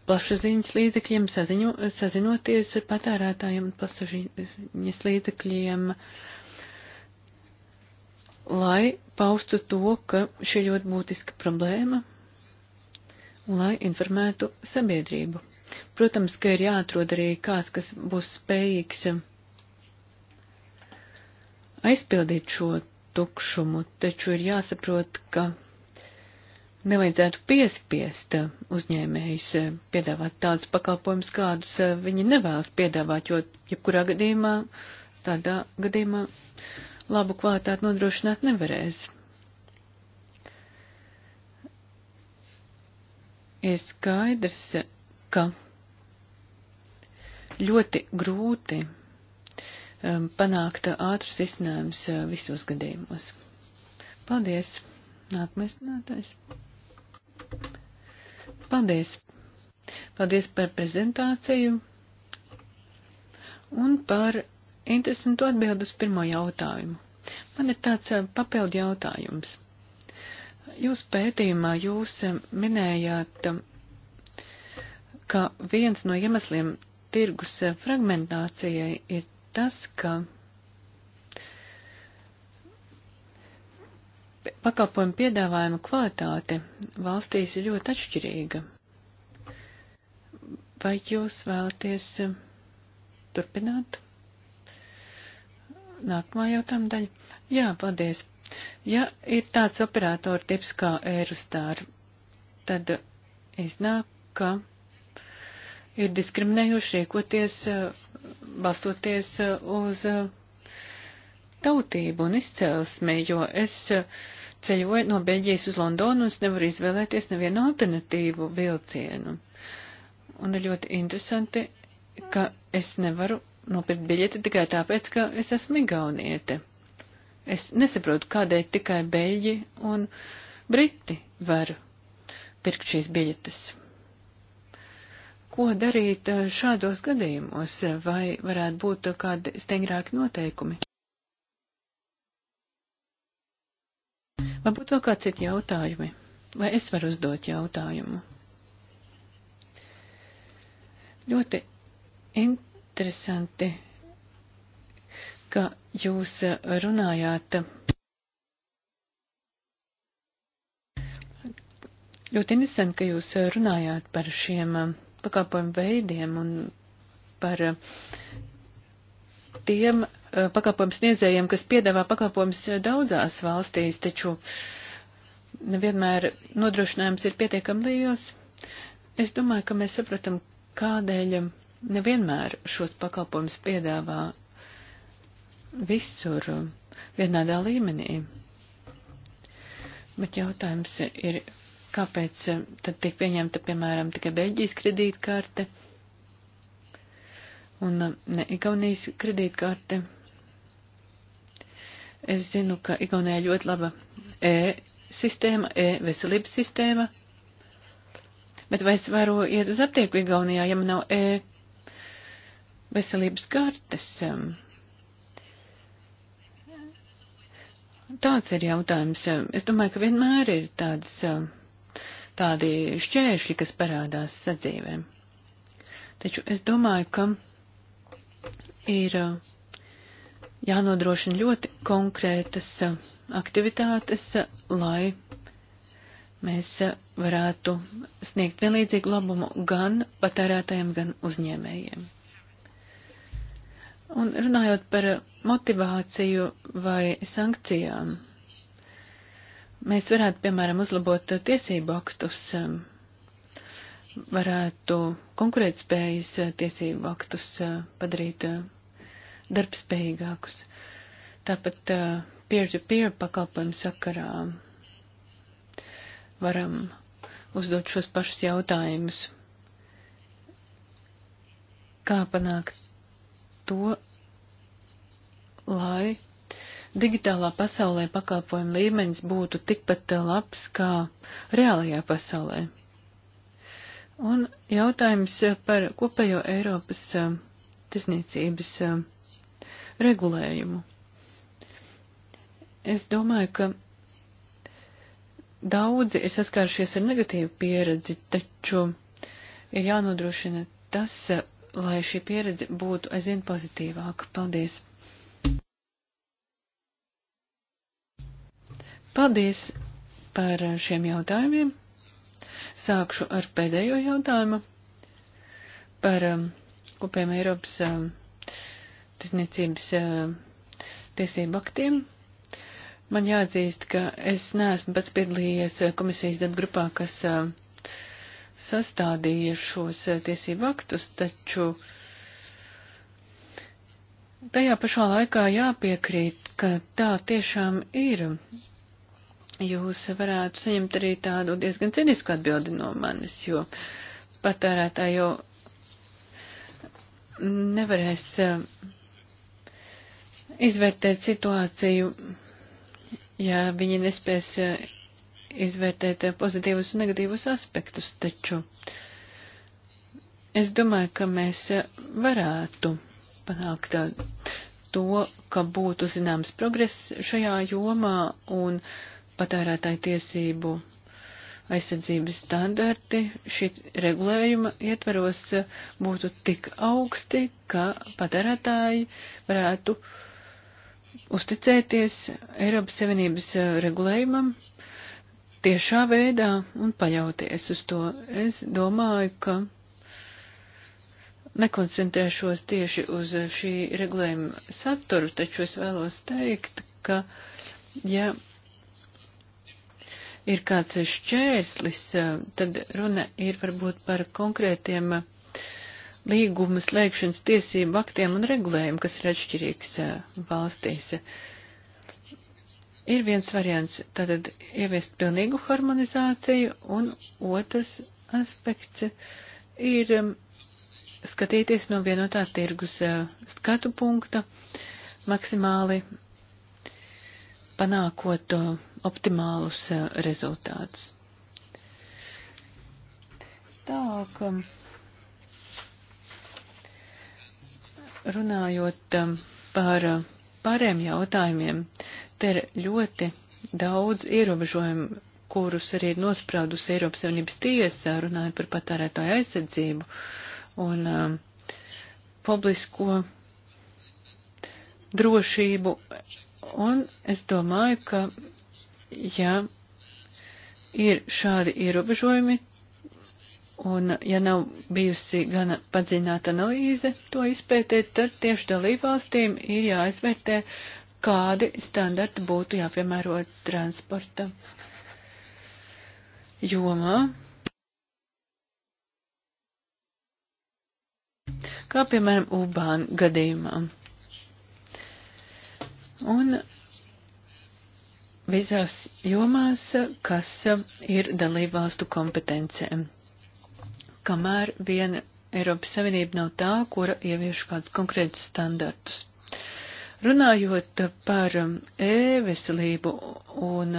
plašsaziņas līdzekļiem, saziņo, sazinoties ar patērētājiem un plašsaziņas līdzekļiem, lai paustu to, ka šī ļoti būtiska problēma un lai informētu sabiedrību. Protams, ka ir jāatrod arī kāds, kas būs spējīgs aizpildīt šo tukšumu, taču ir jāsaprot, ka nevajadzētu piespiest uzņēmējus piedāvāt tādus pakalpojumus, kādus viņi nevēlas piedāvāt, jo jebkurā gadījumā, tādā gadījumā labu kvalitāti nodrošināt nevarēs. Ir skaidrs, ka ļoti grūti Um, panākt ātrus izcinājumus uh, visos gadījumos. Paldies! Nākamais runātājs. Paldies! Paldies par prezentāciju un par interesantu atbildu uz pirmo jautājumu. Man ir tāds uh, papildu jautājums. Jūs pētījumā jūs uh, minējāt, um, ka viens no iemesliem tirgus fragmentācijai ir tas, ka pakalpojumu piedāvājuma kvalitāte valstīs ir ļoti atšķirīga. Vai jūs vēlaties eh, turpināt? Nākamā jautājuma daļa. Jā, paldies. Ja ir tāds operatora tips kā Eurostar, tad iznāk, ka ir diskriminējuši riekoties, eh, balstoties eh, uz eh, tautību un izcelsmi, jo es ceļoju no Beļģijas uz Londonu un es nevaru izvēlēties nevienu alternatīvu vilcienu. Un ir ļoti interesanti, ka es nevaru nopirkt biļeti tikai tāpēc, ka es esmu igauniete. Es nesaprotu, kādēļ tikai Beļģi un Briti var pirkt šīs biļetes. Ko darīt eh, šādos gadījumos, vai varētu būt kādi stingrāki noteikumi? Varbūt vēl kāds citi jautājumi, vai es varu uzdot jautājumu? Ļoti interesanti, ka jūs eh, runājāt Ļoti interesanti, ka jūs eh, runājāt par šiem pakalpojumu veidiem un par eh, tiem eh, pakalpojumu sniedzējiem, kas piedāvā pakalpojumus eh, daudzās valstīs, taču nevienmēr nodrošinājums ir pietiekami liels. Es domāju, ka mēs sapratam, kādēļ nevienmēr šos pakalpojumus piedāvā visur vienādā līmenī. Bet jautājums ir Kāpēc eh, tad tiek pieņemta, piemēram, tikai Beļģijas kredītkarte un eh, ne Igaunijas kredītkarte? Es zinu, ka Igaunijā ļoti laba e-sistēma, e-veselības sistēma, bet vai es varu iet uz aptieku Igaunijā, ja man nav e-veselības kartes? Tāds ir jautājums. Es domāju, ka vienmēr ir tādas tādi šķēršļi, kas parādās sadzīvēm. Taču es domāju, ka ir uh, jānodrošina ļoti konkrētas uh, aktivitātes, uh, lai mēs varētu sniegt vienlīdzīgu labumu gan patērētājiem, gan uzņēmējiem. Un runājot par motivāciju vai sankcijām, Mēs varētu, piemēram, uzlabot uh, tiesību aktus, um, varētu konkurētspējas uh, tiesību aktus uh, padarīt darbspējīgākus. Tāpat peer-to-peer -peer pakalpojumu sakarā varam uzdot šos pašus jautājumus. Kā panākt to, lai digitālā pasaulē pakalpojumu līmenis būtu tikpat eh, labs kā reālajā pasaulē. Un jautājums eh, par kopējo Eiropas eh, tirsniecības regulējumu. Es domāju, ka daudzi ir saskārušies ar negatīvu pieredzi, taču ir jānodrošina tas, lai šī pieredze būtu aizvien pozitīvāka. Paldies! Paldies par šiem jautājumiem. Sākšu ar pēdējo jautājumu par um, kopējiem Eiropas um, tiesniecības um, tiesību aktiem. Man jāatzīst, ka es neesmu pats piedalījies komisijas darba grupā, kas sastādīja šos uh, tiesību aktus, taču tajā pašā laikā jāpiekrīt, ka tā tiešām ir jūs varētu saņemt arī tādu diezgan cinisku atbildi no manis, jo patērētāji jau nevarēs eh, izvērtēt situāciju, ja viņi nespēs eh, izvērtēt pozitīvus un negatīvus aspektus, taču es domāju, ka mēs eh, varētu panākt to, ka būtu zināms progress šajā jomā un uh, patērētāju tiesību aizsardzības standarti šī regulējuma ietveros būtu tik augsti, ka patērētāji varētu uzticēties Eiropas Savienības eh, regulējumam tiešā veidā un paļauties uz to. Es domāju, ka nekoncentrēšos tieši uz šī regulējuma saturu, taču es vēlos teikt, ka ja ir kāds šķērslis, tad runa ir varbūt par konkrētiem līguma slēgšanas tiesību aktiem un regulējumu, kas ir atšķirīgs valstīs. Ir viens variants, tātad ieviest pilnīgu harmonizāciju, un otrs aspekts ir skatīties no vienotā tirgus skatu punkta, maksimāli panākot optimālus eh, rezultātus. Tālāk, um, runājot um, par eh, pāriem jautājumiem, te ir ļoti daudz ierobežojumu, kurus arī ir nospraudusi Eiropas Savienības tiesa, runājot par patērētāju aizsardzību un um, publisko drošību. Un es domāju, ka ja ir šādi ierobežojumi un ja nav bijusi gana padziļināta analīze to izpētēt, tad tieši dalībvalstīm ir jāizvērtē, kādi standarti būtu jāpiemēro transporta jomā. Kā piemēram Ubāna gadījumā. Un visās jomās, kas ir dalībvalstu kompetencēm, kamēr vien Eiropas Savienība nav tā, kura ievieš kādus konkrētus standartus. Runājot par e-veselību un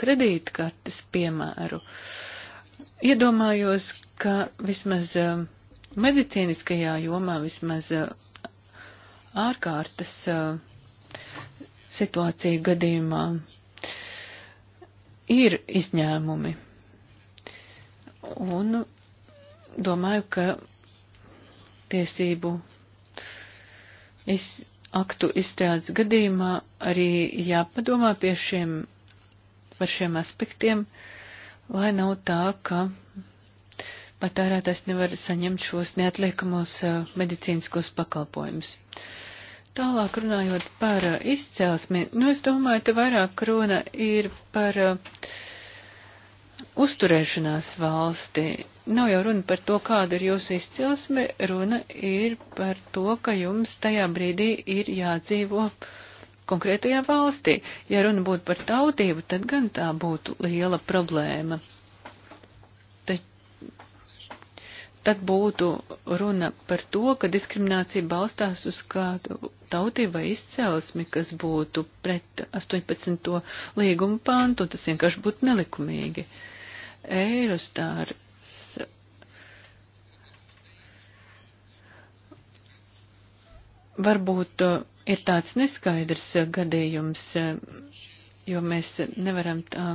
kredītkartes piemēru, iedomājos, ka vismaz medicīniskajā jomā, vismaz ārkārtas situācija gadījumā ir izņēmumi. Un domāju, ka tiesību iz, aktu izstrādes gadījumā arī jāpadomā pie šiem, par šiem aspektiem, lai nav tā, ka patērētājs nevar saņemt šos neatliekamos eh, medicīniskos pakalpojumus. Uh, Tālāk runājot par uh, izcelsmi, nu es domāju, te vairāk runa ir par uh, uzturēšanās valsti. Nav jau runa par to, kāda ir jūsu izcelsme, runa ir par to, ka jums tajā brīdī ir jādzīvo konkrētajā valstī. Ja runa būtu par tautību, tad gan tā būtu liela problēma. Te, tad būtu runa par to, ka diskriminācija balstās uz kādu tautība vai izcelsmi, kas būtu pret 18. līguma pantu, tas vienkārši būtu nelikumīgi. Eirostārs varbūt uh, ir tāds neskaidrs uh, gadījums, uh, jo mēs nevaram tā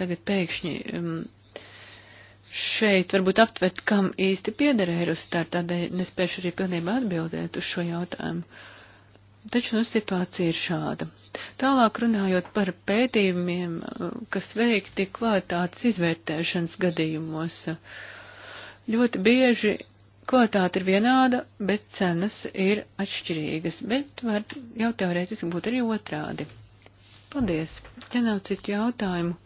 tagad pēkšņi um, šeit varbūt aptvert, kam īsti pieder Eirostar, tādēļ nespēšu arī pilnībā atbildēt uz šo jautājumu. Taču nu situācija ir šāda. Tālāk runājot par pētījumiem, kas veikti kvalitātes izvērtēšanas gadījumos, ļoti bieži kvalitāte ir vienāda, bet cenas ir atšķirīgas, bet var jau teorētiski būt arī otrādi. Paldies, ja nav citu jautājumu.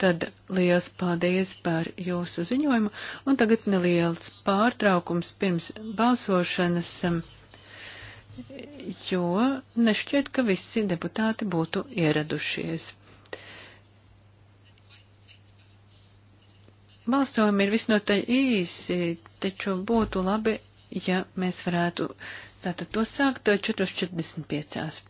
Tad liels paldies par jūsu ziņojumu, un tagad neliels pārtraukums pirms balsošanas, um, jo nešķiet, ka visi deputāti būtu ieradušies. Balsojumi ir visnotaļ īsi, taču būtu labi, ja mēs varētu tātad to sākt 4.45.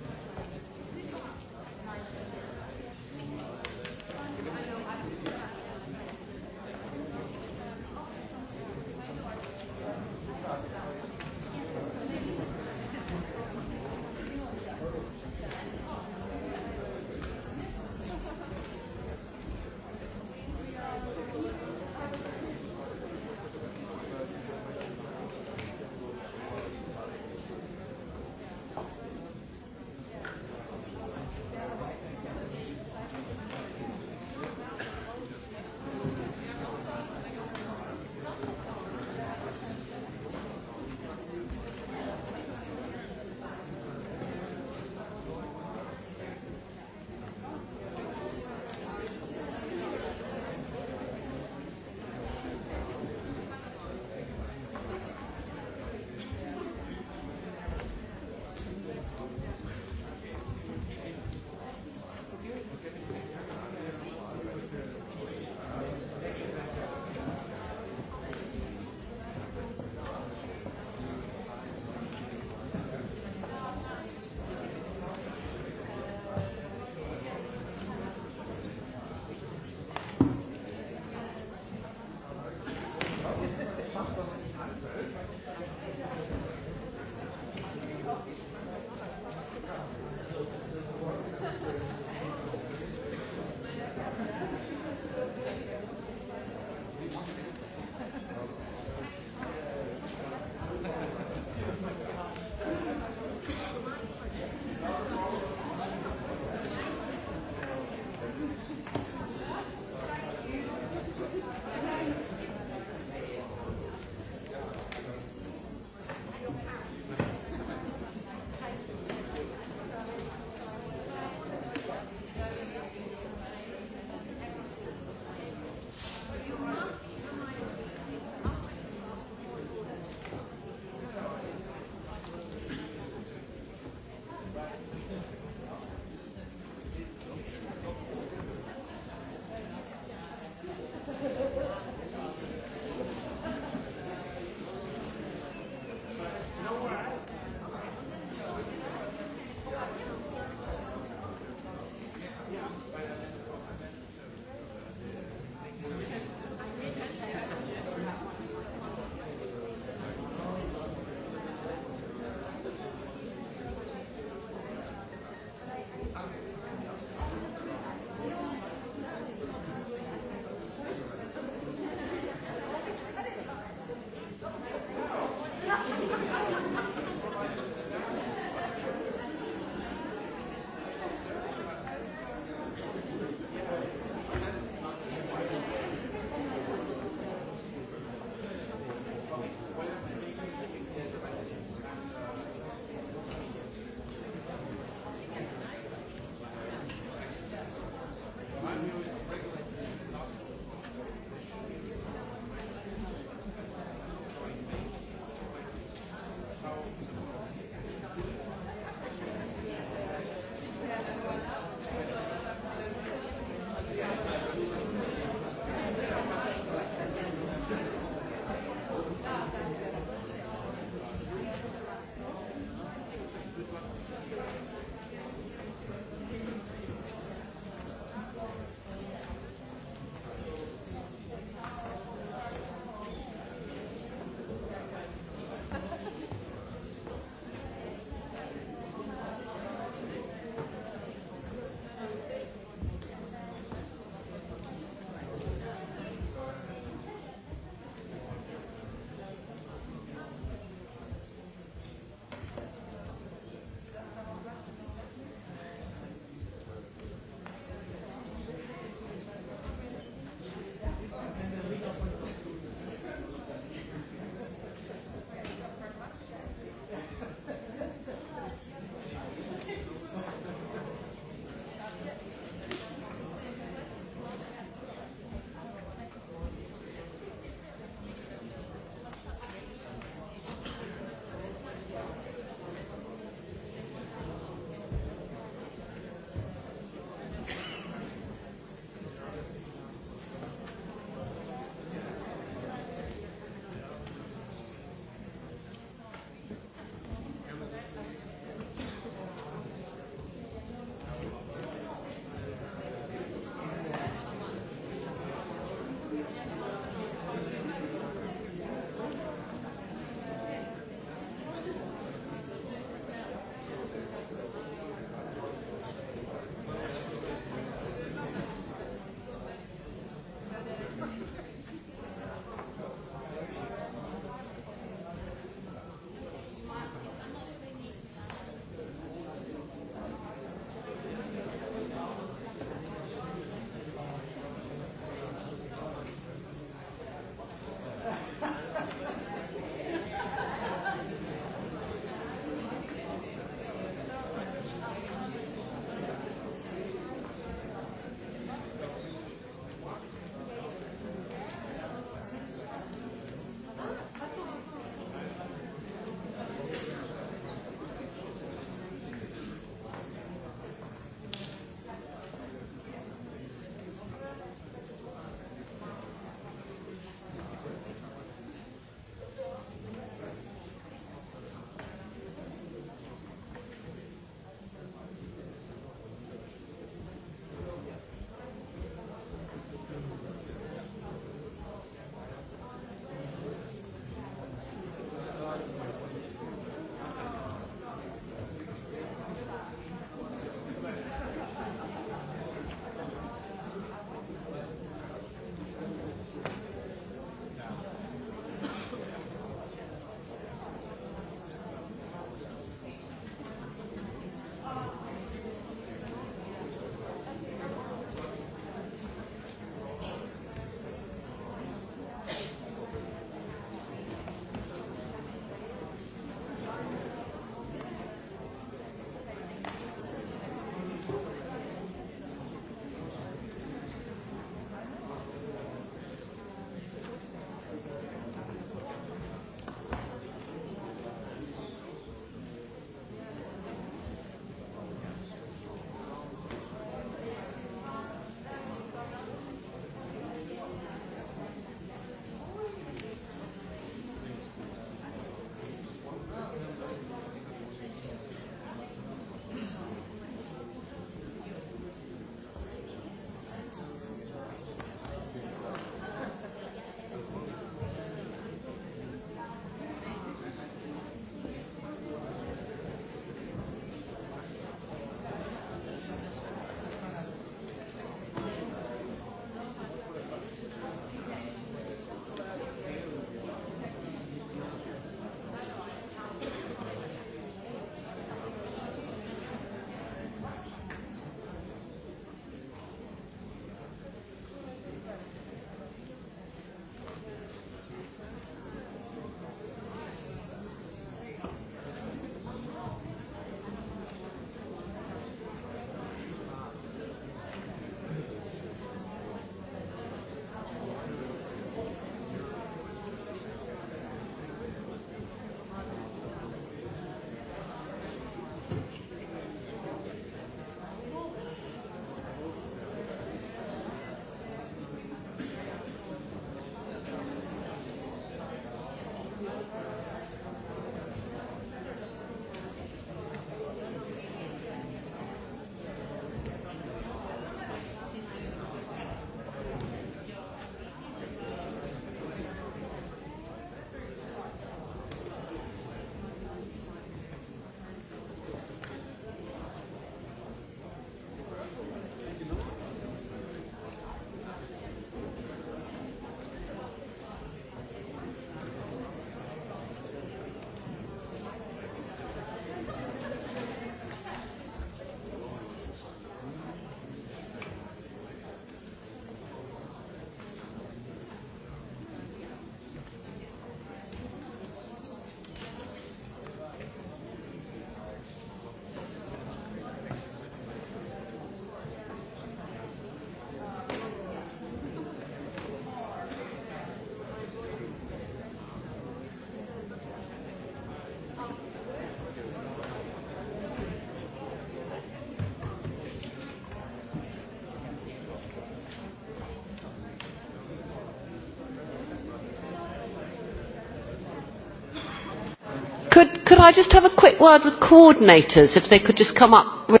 Could I just have a quick word with coordinators if they could just come up with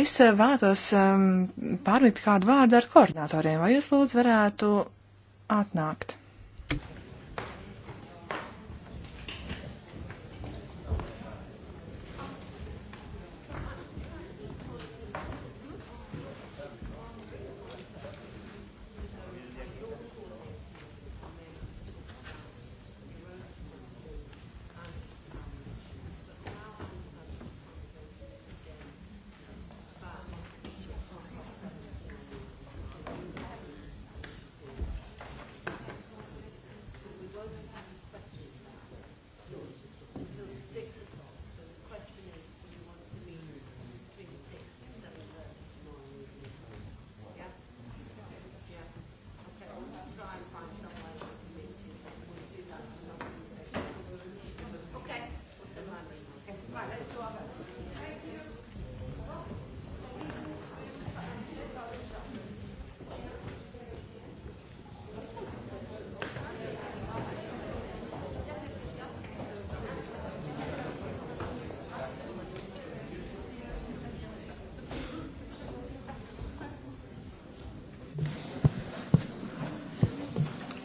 Es eh, vēlētos um, ehm, pārmīt kādu vārdu ar koordinatoriem. Vai jūs lūdzu varētu atnākt?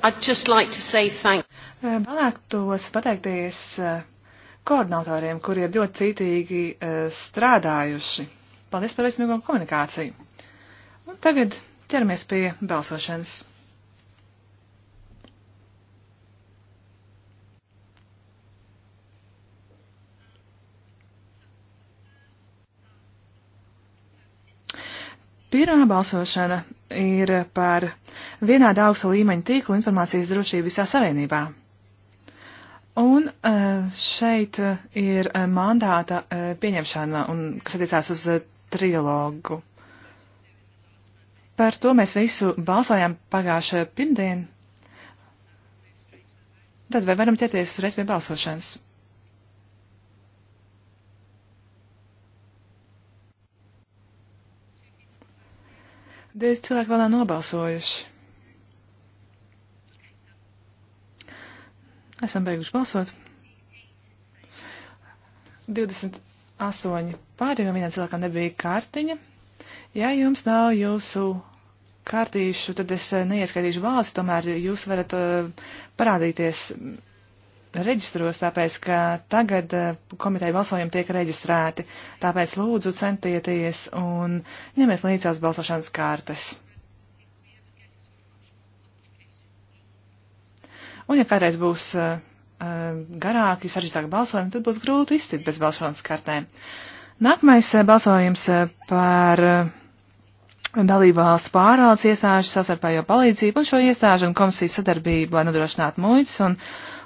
like Vēlētos pateikties koordinatoriem, kuri ir ļoti cītīgi strādājuši. Paldies par veiksmīgo komunikāciju. Un tagad ķeramies pie balsošanas. Pirmā balsošana ir par vienāda augsta līmeņa tīkla informācijas drošību visā savienībā. Un eh, šeit eh, ir eh, mandāta pieņemšana, un, kas attiecās uz trilogu. Par to mēs visu balsojām pagājušajā pirmdien. Tad vai varam ķerties uzreiz pie balsošanas? Diez cilvēki vēl nav nobalsojuši. Esam beiguši balsot. 28 pāri, jo vienam cilvēkam nebija kārtiņa. Ja jums nav jūsu kārtīšu, tad es neieskaitīšu valsts, tomēr jūs varat uh, parādīties reģistros, tāpēc, ka tagad eh, komiteja balsojumi tiek reģistrēti. Tāpēc lūdzu centieties un ņemiet līdzās balsošanas kārtas. Un ja kādreiz būs uh, garāki, sarežģītāki balsojumi, tad būs grūti iztikt bez balsošanas kartēm. Nākamais balsojums par dalībvalstu pārvaldes iestāžu sasarpējo palīdzību un šo iestāžu un komisijas sadarbību, lai nodrošinātu muitas un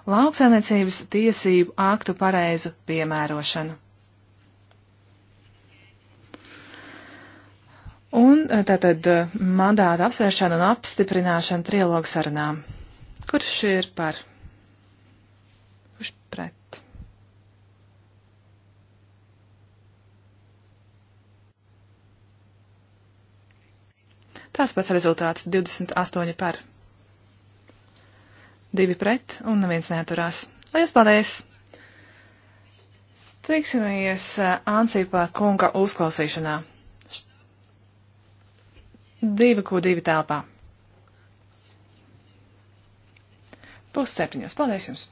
lauksainiecības tiesību aktu pareizu piemērošanu. Un eh, tātad eh, mandāta apsvēršana un apstiprināšana trilogu sarunām. Kurš ir par? Kurš pret? Tās pats rezultāts - 28 par divi pret un neviens neaturās. Lielas paldies! Tiksimies eh, Ansīpā kunga uzklausīšanā. 2Q2 telpā. Pusseptiņos. Paldies jums!